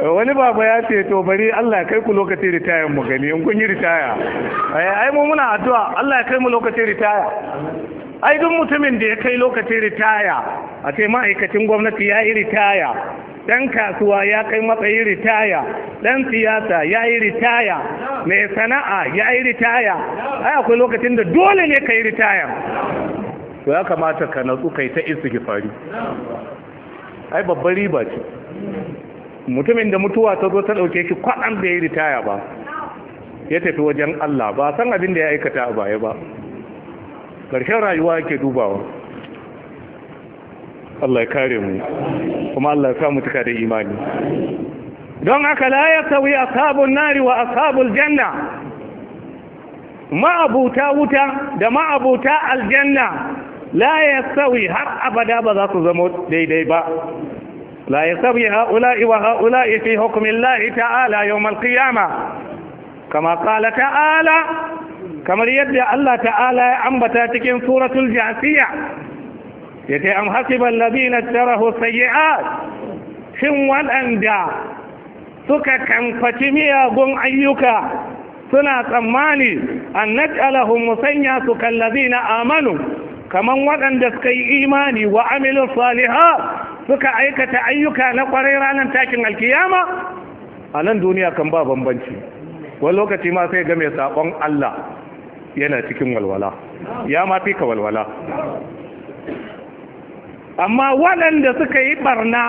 wani baba ya ce to bari Allah ya kai ku lokacin ritaya mu gani in kun yi ritaya ai mu muna addu'a Allah ya kai mu lokacin ritaya ai duk mutumin da ya kai lokacin ritaya a ce ma'aikacin gwamnati ya yi ritaya dan kasuwa ya kai matsayi ritaya dan siyasa ya yi ritaya mai sana'a ya yi ritaya ai akwai lokacin da dole ne ka yi ritaya to ya kamata ka natsu kai ta istighfari ai babbar riba ce mutumin da mutuwa ta zo ta ɗauke shi kwaɗan da ya ritaya ba ya tafi wajen Allah ba san abin da ya aikata a baya ba ƙarshen rayuwa yake dubawa Allah ya kare mu kuma Allah ya samu tuka da imani don haka la ya sauyi ashabun nari wa ashabul janna ma'abuta wuta da ma'abuta aljanna la ya sauyi har abada ba za ku zama daidai ba لا يستوي هؤلاء وهؤلاء في حكم الله تعالى يوم القيامة كما قال تعالى كما يدعي الله تعالى أنبتاتك سورة الجعفية يتي حسب الذين اشتروا السيئات shin waɗanda suka kamfaci miyagun ayyuka suna tsammani an naj'alahum musanya su kallazi na amanu kamar waɗanda suka yi imani wa amilu saliha suka aikata ayyuka na kwarai ranar takin alkiyama a nan duniya kan ba bambanci wani lokaci ma sai game saƙon Allah yana cikin walwala ya ma fi ka walwala amma waɗanda suka yi ɓarna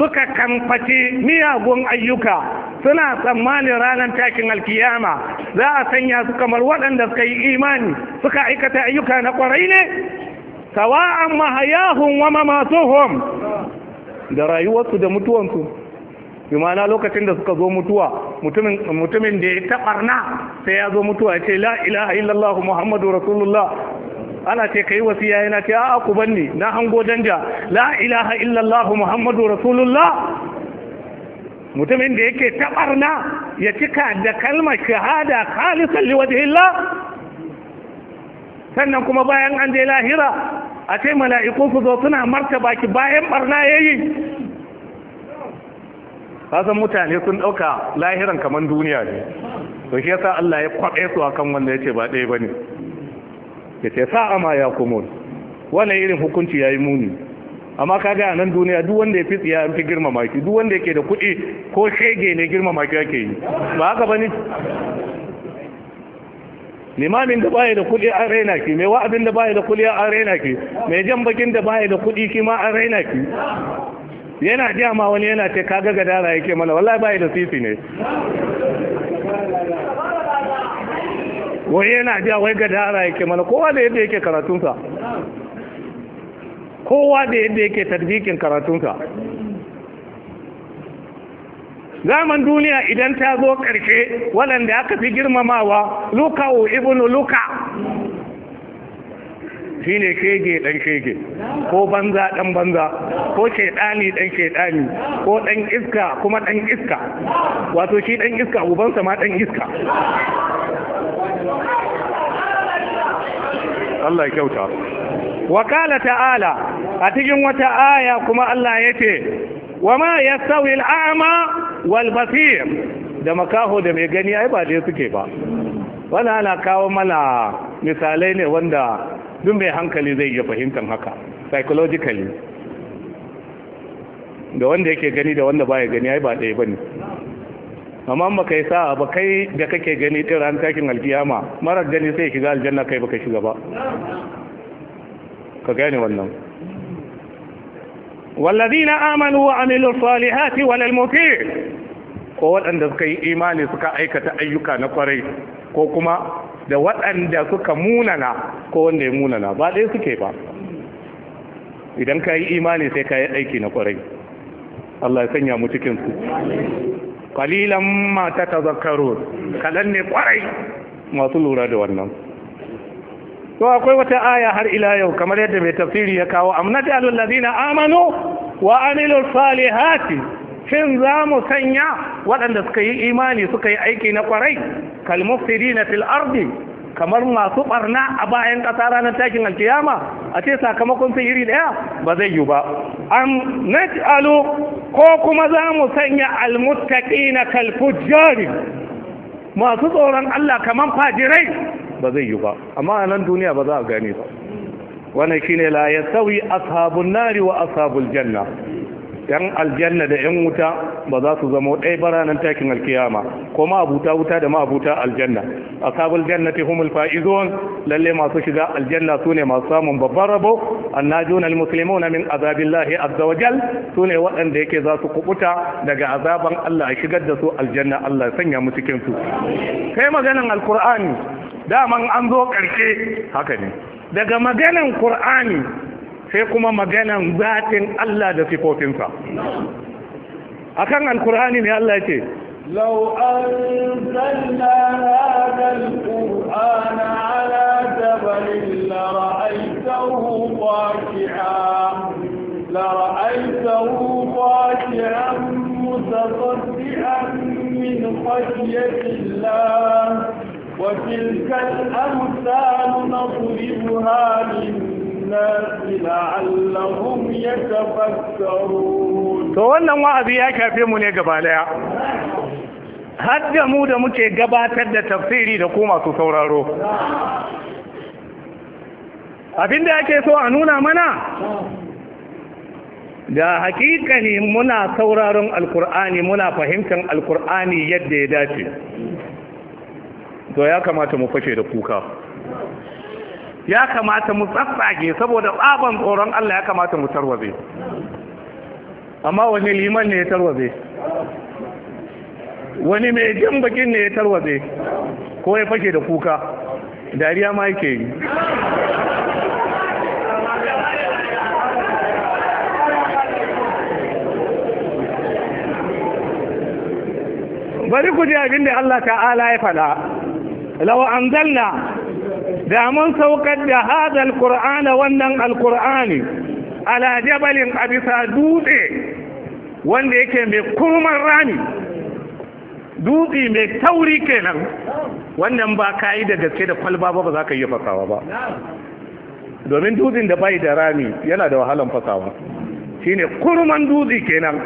suka kamfaci miyagun ayyuka suna tsammanin ranar takin alkiyama za a sanya su kamar waɗanda suka yi imani suka aikata ayyuka na kwarai ne sawa'an mahayahun wa mamatuhum da rayuwarsu da mutuwansu imana lokacin da suka zo mutuwa mutumin da ya taɓarna sai ya zo mutuwa ya ce la ilaha illallah muhammadu rasulullah ana ce ka yi wasiya yana ce a ku banni na hango danja la ilaha illallah muhammadu rasulullah mutumin da yake taɓarna ya cika da kalmar shahada khalisan liwajhillah sannan kuma bayan an je lahira a ce mala'iku su zo suna marta baki bayan barna yayi kasan mutane sun ɗauka lahiran kamar duniya ne to shi yasa Allah ya kwaɓe su akan wanda yace ba ɗaya bane yace sa'a ma ya kumul wannan irin hukunci yayi muni amma kaga a nan duniya duk wanda ya fi ya an fi girmama duk wanda yake da kuɗi ko shege ne girmama ake yake yi ba haka bane limamin da baya da kuɗi an raina ki mai wa'abin da baya da kuɗi an raina ki mai jan bakin da baya da kuɗi ki ma an raina ki yana jiya ma wani yana ce kaga gadara yake mana wallahi baya da sisi ne wai yana jiya wai gadara yake mana kowa da yadda yake karatunsa kowa da yadda yake tadbikin karatunsa zaman duniya idan ta zo ƙarshe waɗanda aka fi girmamawa luka o ibn luka shi ne shege ɗan shege ko banza ɗan banza ko shaidani ɗan shaidani ko ɗan iska kuma ɗan iska wato shi ɗan iska ubansa ma ɗan iska Allah kyauta wa ta'ala a cikin wata aya kuma Allah ya ce wa ma sauyi al'ama wal da makaho da mai gani ai ba da suke ba wanda ana kawo mana misalai ne wanda duk mai hankali zai iya fahimtar haka psychologically da wanda yake gani da wanda baya gani ai ba ɗaya ne amma ba kai sa ba kai da kake gani ɗin an takin alkiyama marar gani sai shiga aljanna kai baka shiga ba ka gane wannan والذين آمنوا وعملوا الصالحات ولا المطيع ko waɗanda suka yi imani suka aikata ayyuka na kwarai ko kuma da waɗanda suka munana ko wanda ya munana ba ɗaya suke ba idan ka yi imani sai ka yi aiki na kwarai Allah ya sanya mu cikinsu kalilan mata ta zakaru kaɗan ne kwarai masu lura da wannan to akwai wata aya har ila yau kamar yadda mai tafsiri ya kawo amna da amanu wa amilu salihati shin za mu sanya waɗanda suka yi imani suka yi aiki na kwarai kalmufsidina fil ardi kamar masu barna a bayan ƙasa ranar takin alkiyama a ce sakamakon sun ɗaya ba zai yi ba am naj'alu ko kuma za mu sanya almuttaqina kal fujjari masu tsoron Allah kamar fajirai ba zai yi ba amma a nan duniya ba za a gane ba wannan shine la sauyi ashabun nari wa ashabul janna yan aljanna da yan wuta ba za su zama ɗaya ba ranar takin alkiyama ko ma'abuta wuta da ma'abuta aljanna ashabul jannati humul faizun lalle masu shiga aljanna sune masu samun babban rabo annajuna almuslimuna min azabillahi azza wajal sune waɗanda yake za su kubuta daga azaban Allah a shigar da su aljanna Allah ya sanya mu cikin su kai maganan alqur'ani daman an zo karke haka ne daga maganan ƙur'ani sai kuma maganan zatin Allah da sifofinsa a kan al-ƙur'ani ne Allah ke lau an zanna ragar ala dabarin lara'aitahu ƙwaƙi'a lara'aitahu ƙwaƙi'a musa min وتلك الأمثال نضربها to wannan wa'azi ya kafe mu ne gaba daya har da mu da muke gabatar da tafsiri da kuma masu sauraro abinda yake so a nuna mana da hakika ne muna sauraron alkur'ani muna fahimtar alkur'ani yadda ya dace to ya kamata mu fashe da kuka ya kamata mu tsatsage saboda tsaban tsoron Allah ya kamata mu tarwaze amma wani liman ne ya tarwaze wani mai jin bakin ne ya tarwaze ko ya fashe da kuka dariya ma yake yi bari ku ji abin da Allah ta'ala ya faɗa an zalla da mun saukar da hadal qur'ana wannan alqur'ani ala jabalin abisa dutse wanda yake mai kurman rami dutse mai tauri kenan wannan ba ka yi da gaske da kwalba ba ba za ka yi fasawa ba domin dutsen da bai da rami yana da wahalan fasawa shine kurman dutse kenan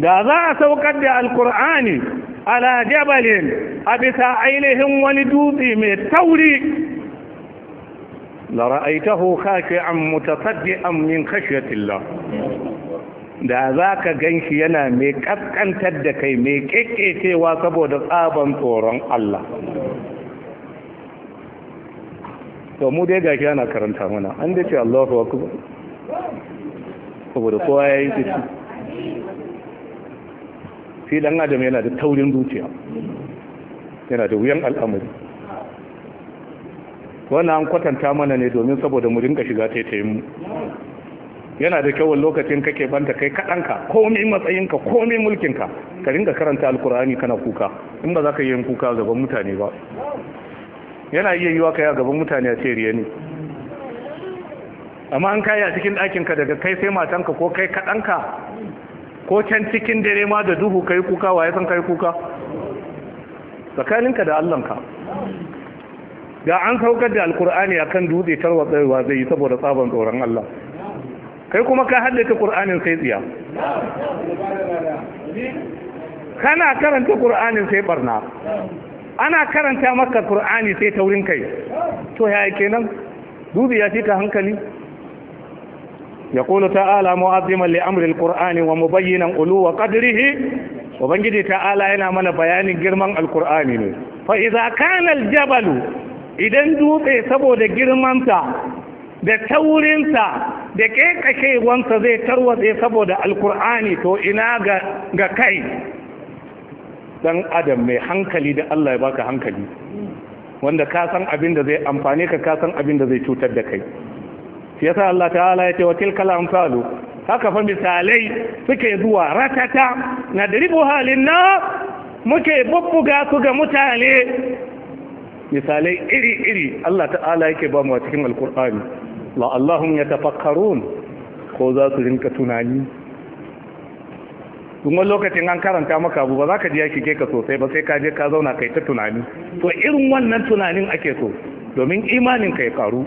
da za a saukar da alkur'ani ala jabalin a bisa ainihin wani dutse mai tauri la ra'aitahu khashi'an mutasaddian min khashyatillah da za ka gan shi yana mai ƙasƙantar da kai mai ƙeƙecewa saboda tsaban tsoron Allah. To mu dai gashi ana karanta mana, an dace Allahu akbar saboda kowa ya yi sai dan adam yana da taurin zuciya yana da wuyan al'amari wannan an kwatanta mana ne domin saboda mu dinka shiga taitayin mu yana da kyau lokacin kake banta kai kaɗanka komai matsayinka komai mulkinka ka dinga karanta alkur'ani kana kuka in ba za ka yi kuka gaban mutane ba yana iya yiwa kai gaban mutane a ce ne amma an kai a cikin ɗakinka daga kai sai matanka ko kai kaɗanka ko can cikin dare ma da duhu kai kuka waye san kai kuka tsakaninka da Allahnka da an saukar da alkur'ani akan dutse tarwatsewa zai yi saboda tsaban tsoron Allah kai kuma ka haddace qur'anin sai tsiya kana karanta qur'anin sai barna ana karanta maka qur'ani sai taurin kai to yaya kenan dutse ya fita hankali yaqulu ta'ala mu'azziman li amri al-qur'ani wa mubayyinan ulu wa qadrihi ubangiji ta'ala yana mana bayanin girman al-qur'ani ne fa idza kana al idan dutse saboda girmansa da taurinsa da kekake wanda zai tarwatse saboda al to ina ga kai dan adam mai hankali da Allah ya baka hankali wanda ka ka ka san abinda zai cutar da kai yasa Allah ta'ala ya ce wa tilkal amsalu haka fa misalai suke zuwa ratata na dribu halin na muke bubbuga su ga mutane misalai iri-iri Allah ta'ala yake ba mu a cikin alkur'ani la Allahun ya ko za su rinka tunani Tun wani lokacin an karanta maka abu ba za ka ji ya shige ka sosai ba sai ka je ka zauna kai ta tunani to irin wannan tunanin ake so domin imanin ka ya karu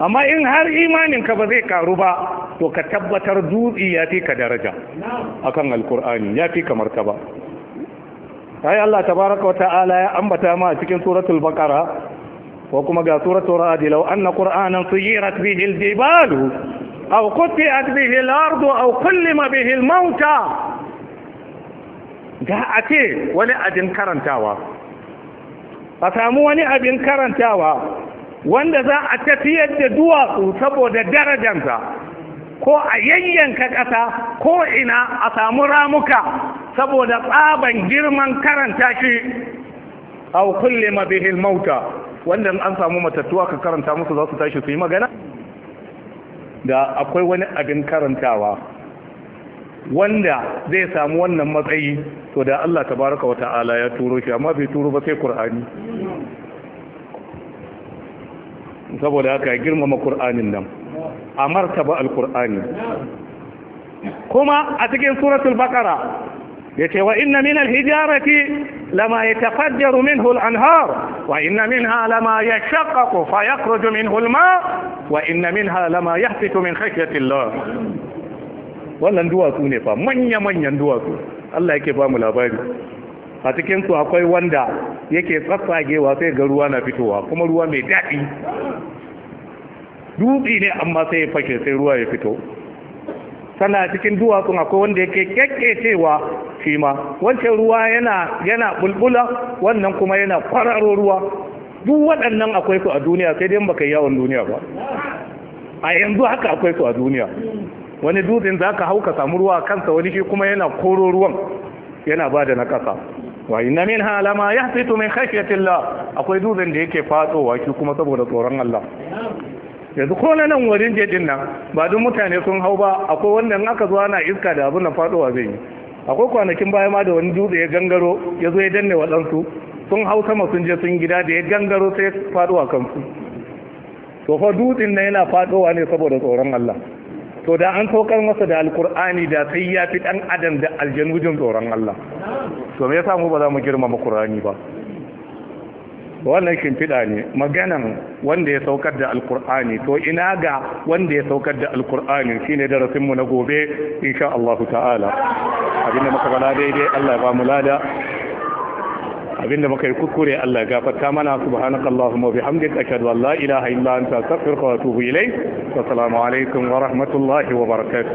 amma in har imaninka ba zai karu ba to ka tabbatar dutse ya fi ka daraja akan alkur'ani ya fi kamar ta ba sai Allah tabaraka ta'ala ya ambata ma a cikin suratul baqara wa kuma ga suratul ra'd law anna qur'anan suyirat bihi aljibalu aw qutiat bihi alardu aw kullima bihi almauta da ake wani abin karantawa Ka samu wani abin karantawa wanda za a tafiyar da duwatsu saboda darajanta, ko a yayyanka ƙasa ko ina a samu ramuka saboda tsaban girman karanta shi a kulle mabihil mauta wanda an samu matattuwa ka karanta musu za su tashi su yi magana da akwai wani abin karantawa wanda zai samu wannan matsayi to da Allah tabaraka ta'ala ya turo shi amma bai turo ba sai Kur'ani. saboda haka girmama Kur'anin nan a martaba alkur'ani kuma a cikin suratul baqara yace wa inna min alhijarati lama yatafajjaru minhu al-anhar wa inna minha lama yashaqqaqu fayakhruju minhu al-ma' wa inna minha lama yahtiku min khashyati Allah wannan duwatsu ne fa manya manyan duwatsu Allah yake ba mu labari a cikin akwai wanda yake wa sai ga ruwa na fitowa kuma ruwa mai daɗi dutse ne amma sai ya fashe sai ruwa ya fito sana cikin duwatsun akwai wanda yake kyakkecewa shi ma wancan ruwa yana yana bulbula wannan kuma yana kwararo ruwa duk waɗannan akwai su a duniya sai dai baka yawon duniya ba a yanzu haka akwai su a duniya wani dutsen za ka hau ka samu ruwa kansa wani shi kuma yana koro ruwan yana ba da na ƙasa wa inna minha lama yahtitu min tilla akwai dutsen da yake fadowa shi kuma saboda tsoron Allah yanzu ko na nan wajen jejin nan ba duk mutane sun hau ba akwai wanda aka zuwa na iska da abin na fadowa zai yi akwai kwanakin baya ma da wani dutse ya gangaro ya zo ya danne waɗansu sun hau sama sun je sun gida da ya gangaro sai fadowa kansu to fa dutsen nan yana fadowa ne saboda tsoron Allah to da an saukar masa da alkur'ani da sai ya fi dan adam da aljanu jin tsoron Allah to me yasa mu ba za mu girmama qur'ani ba wannan shimfiɗa ne maganan wanda ya saukar da alkur'ani to ina ga wanda ya saukar da alkur'ani shine darasin mu na gobe insha Allah ta'ala abinda muka gana daidai Allah ya ba mu lada abinda muka yi kuskure Allah ya gafarta mana subhanakallahumma bihamdika ashhadu an la ilaha illa anta astaghfiruka wa atubu ilayk wa assalamu alaikum wa rahmatullahi wa barakatuh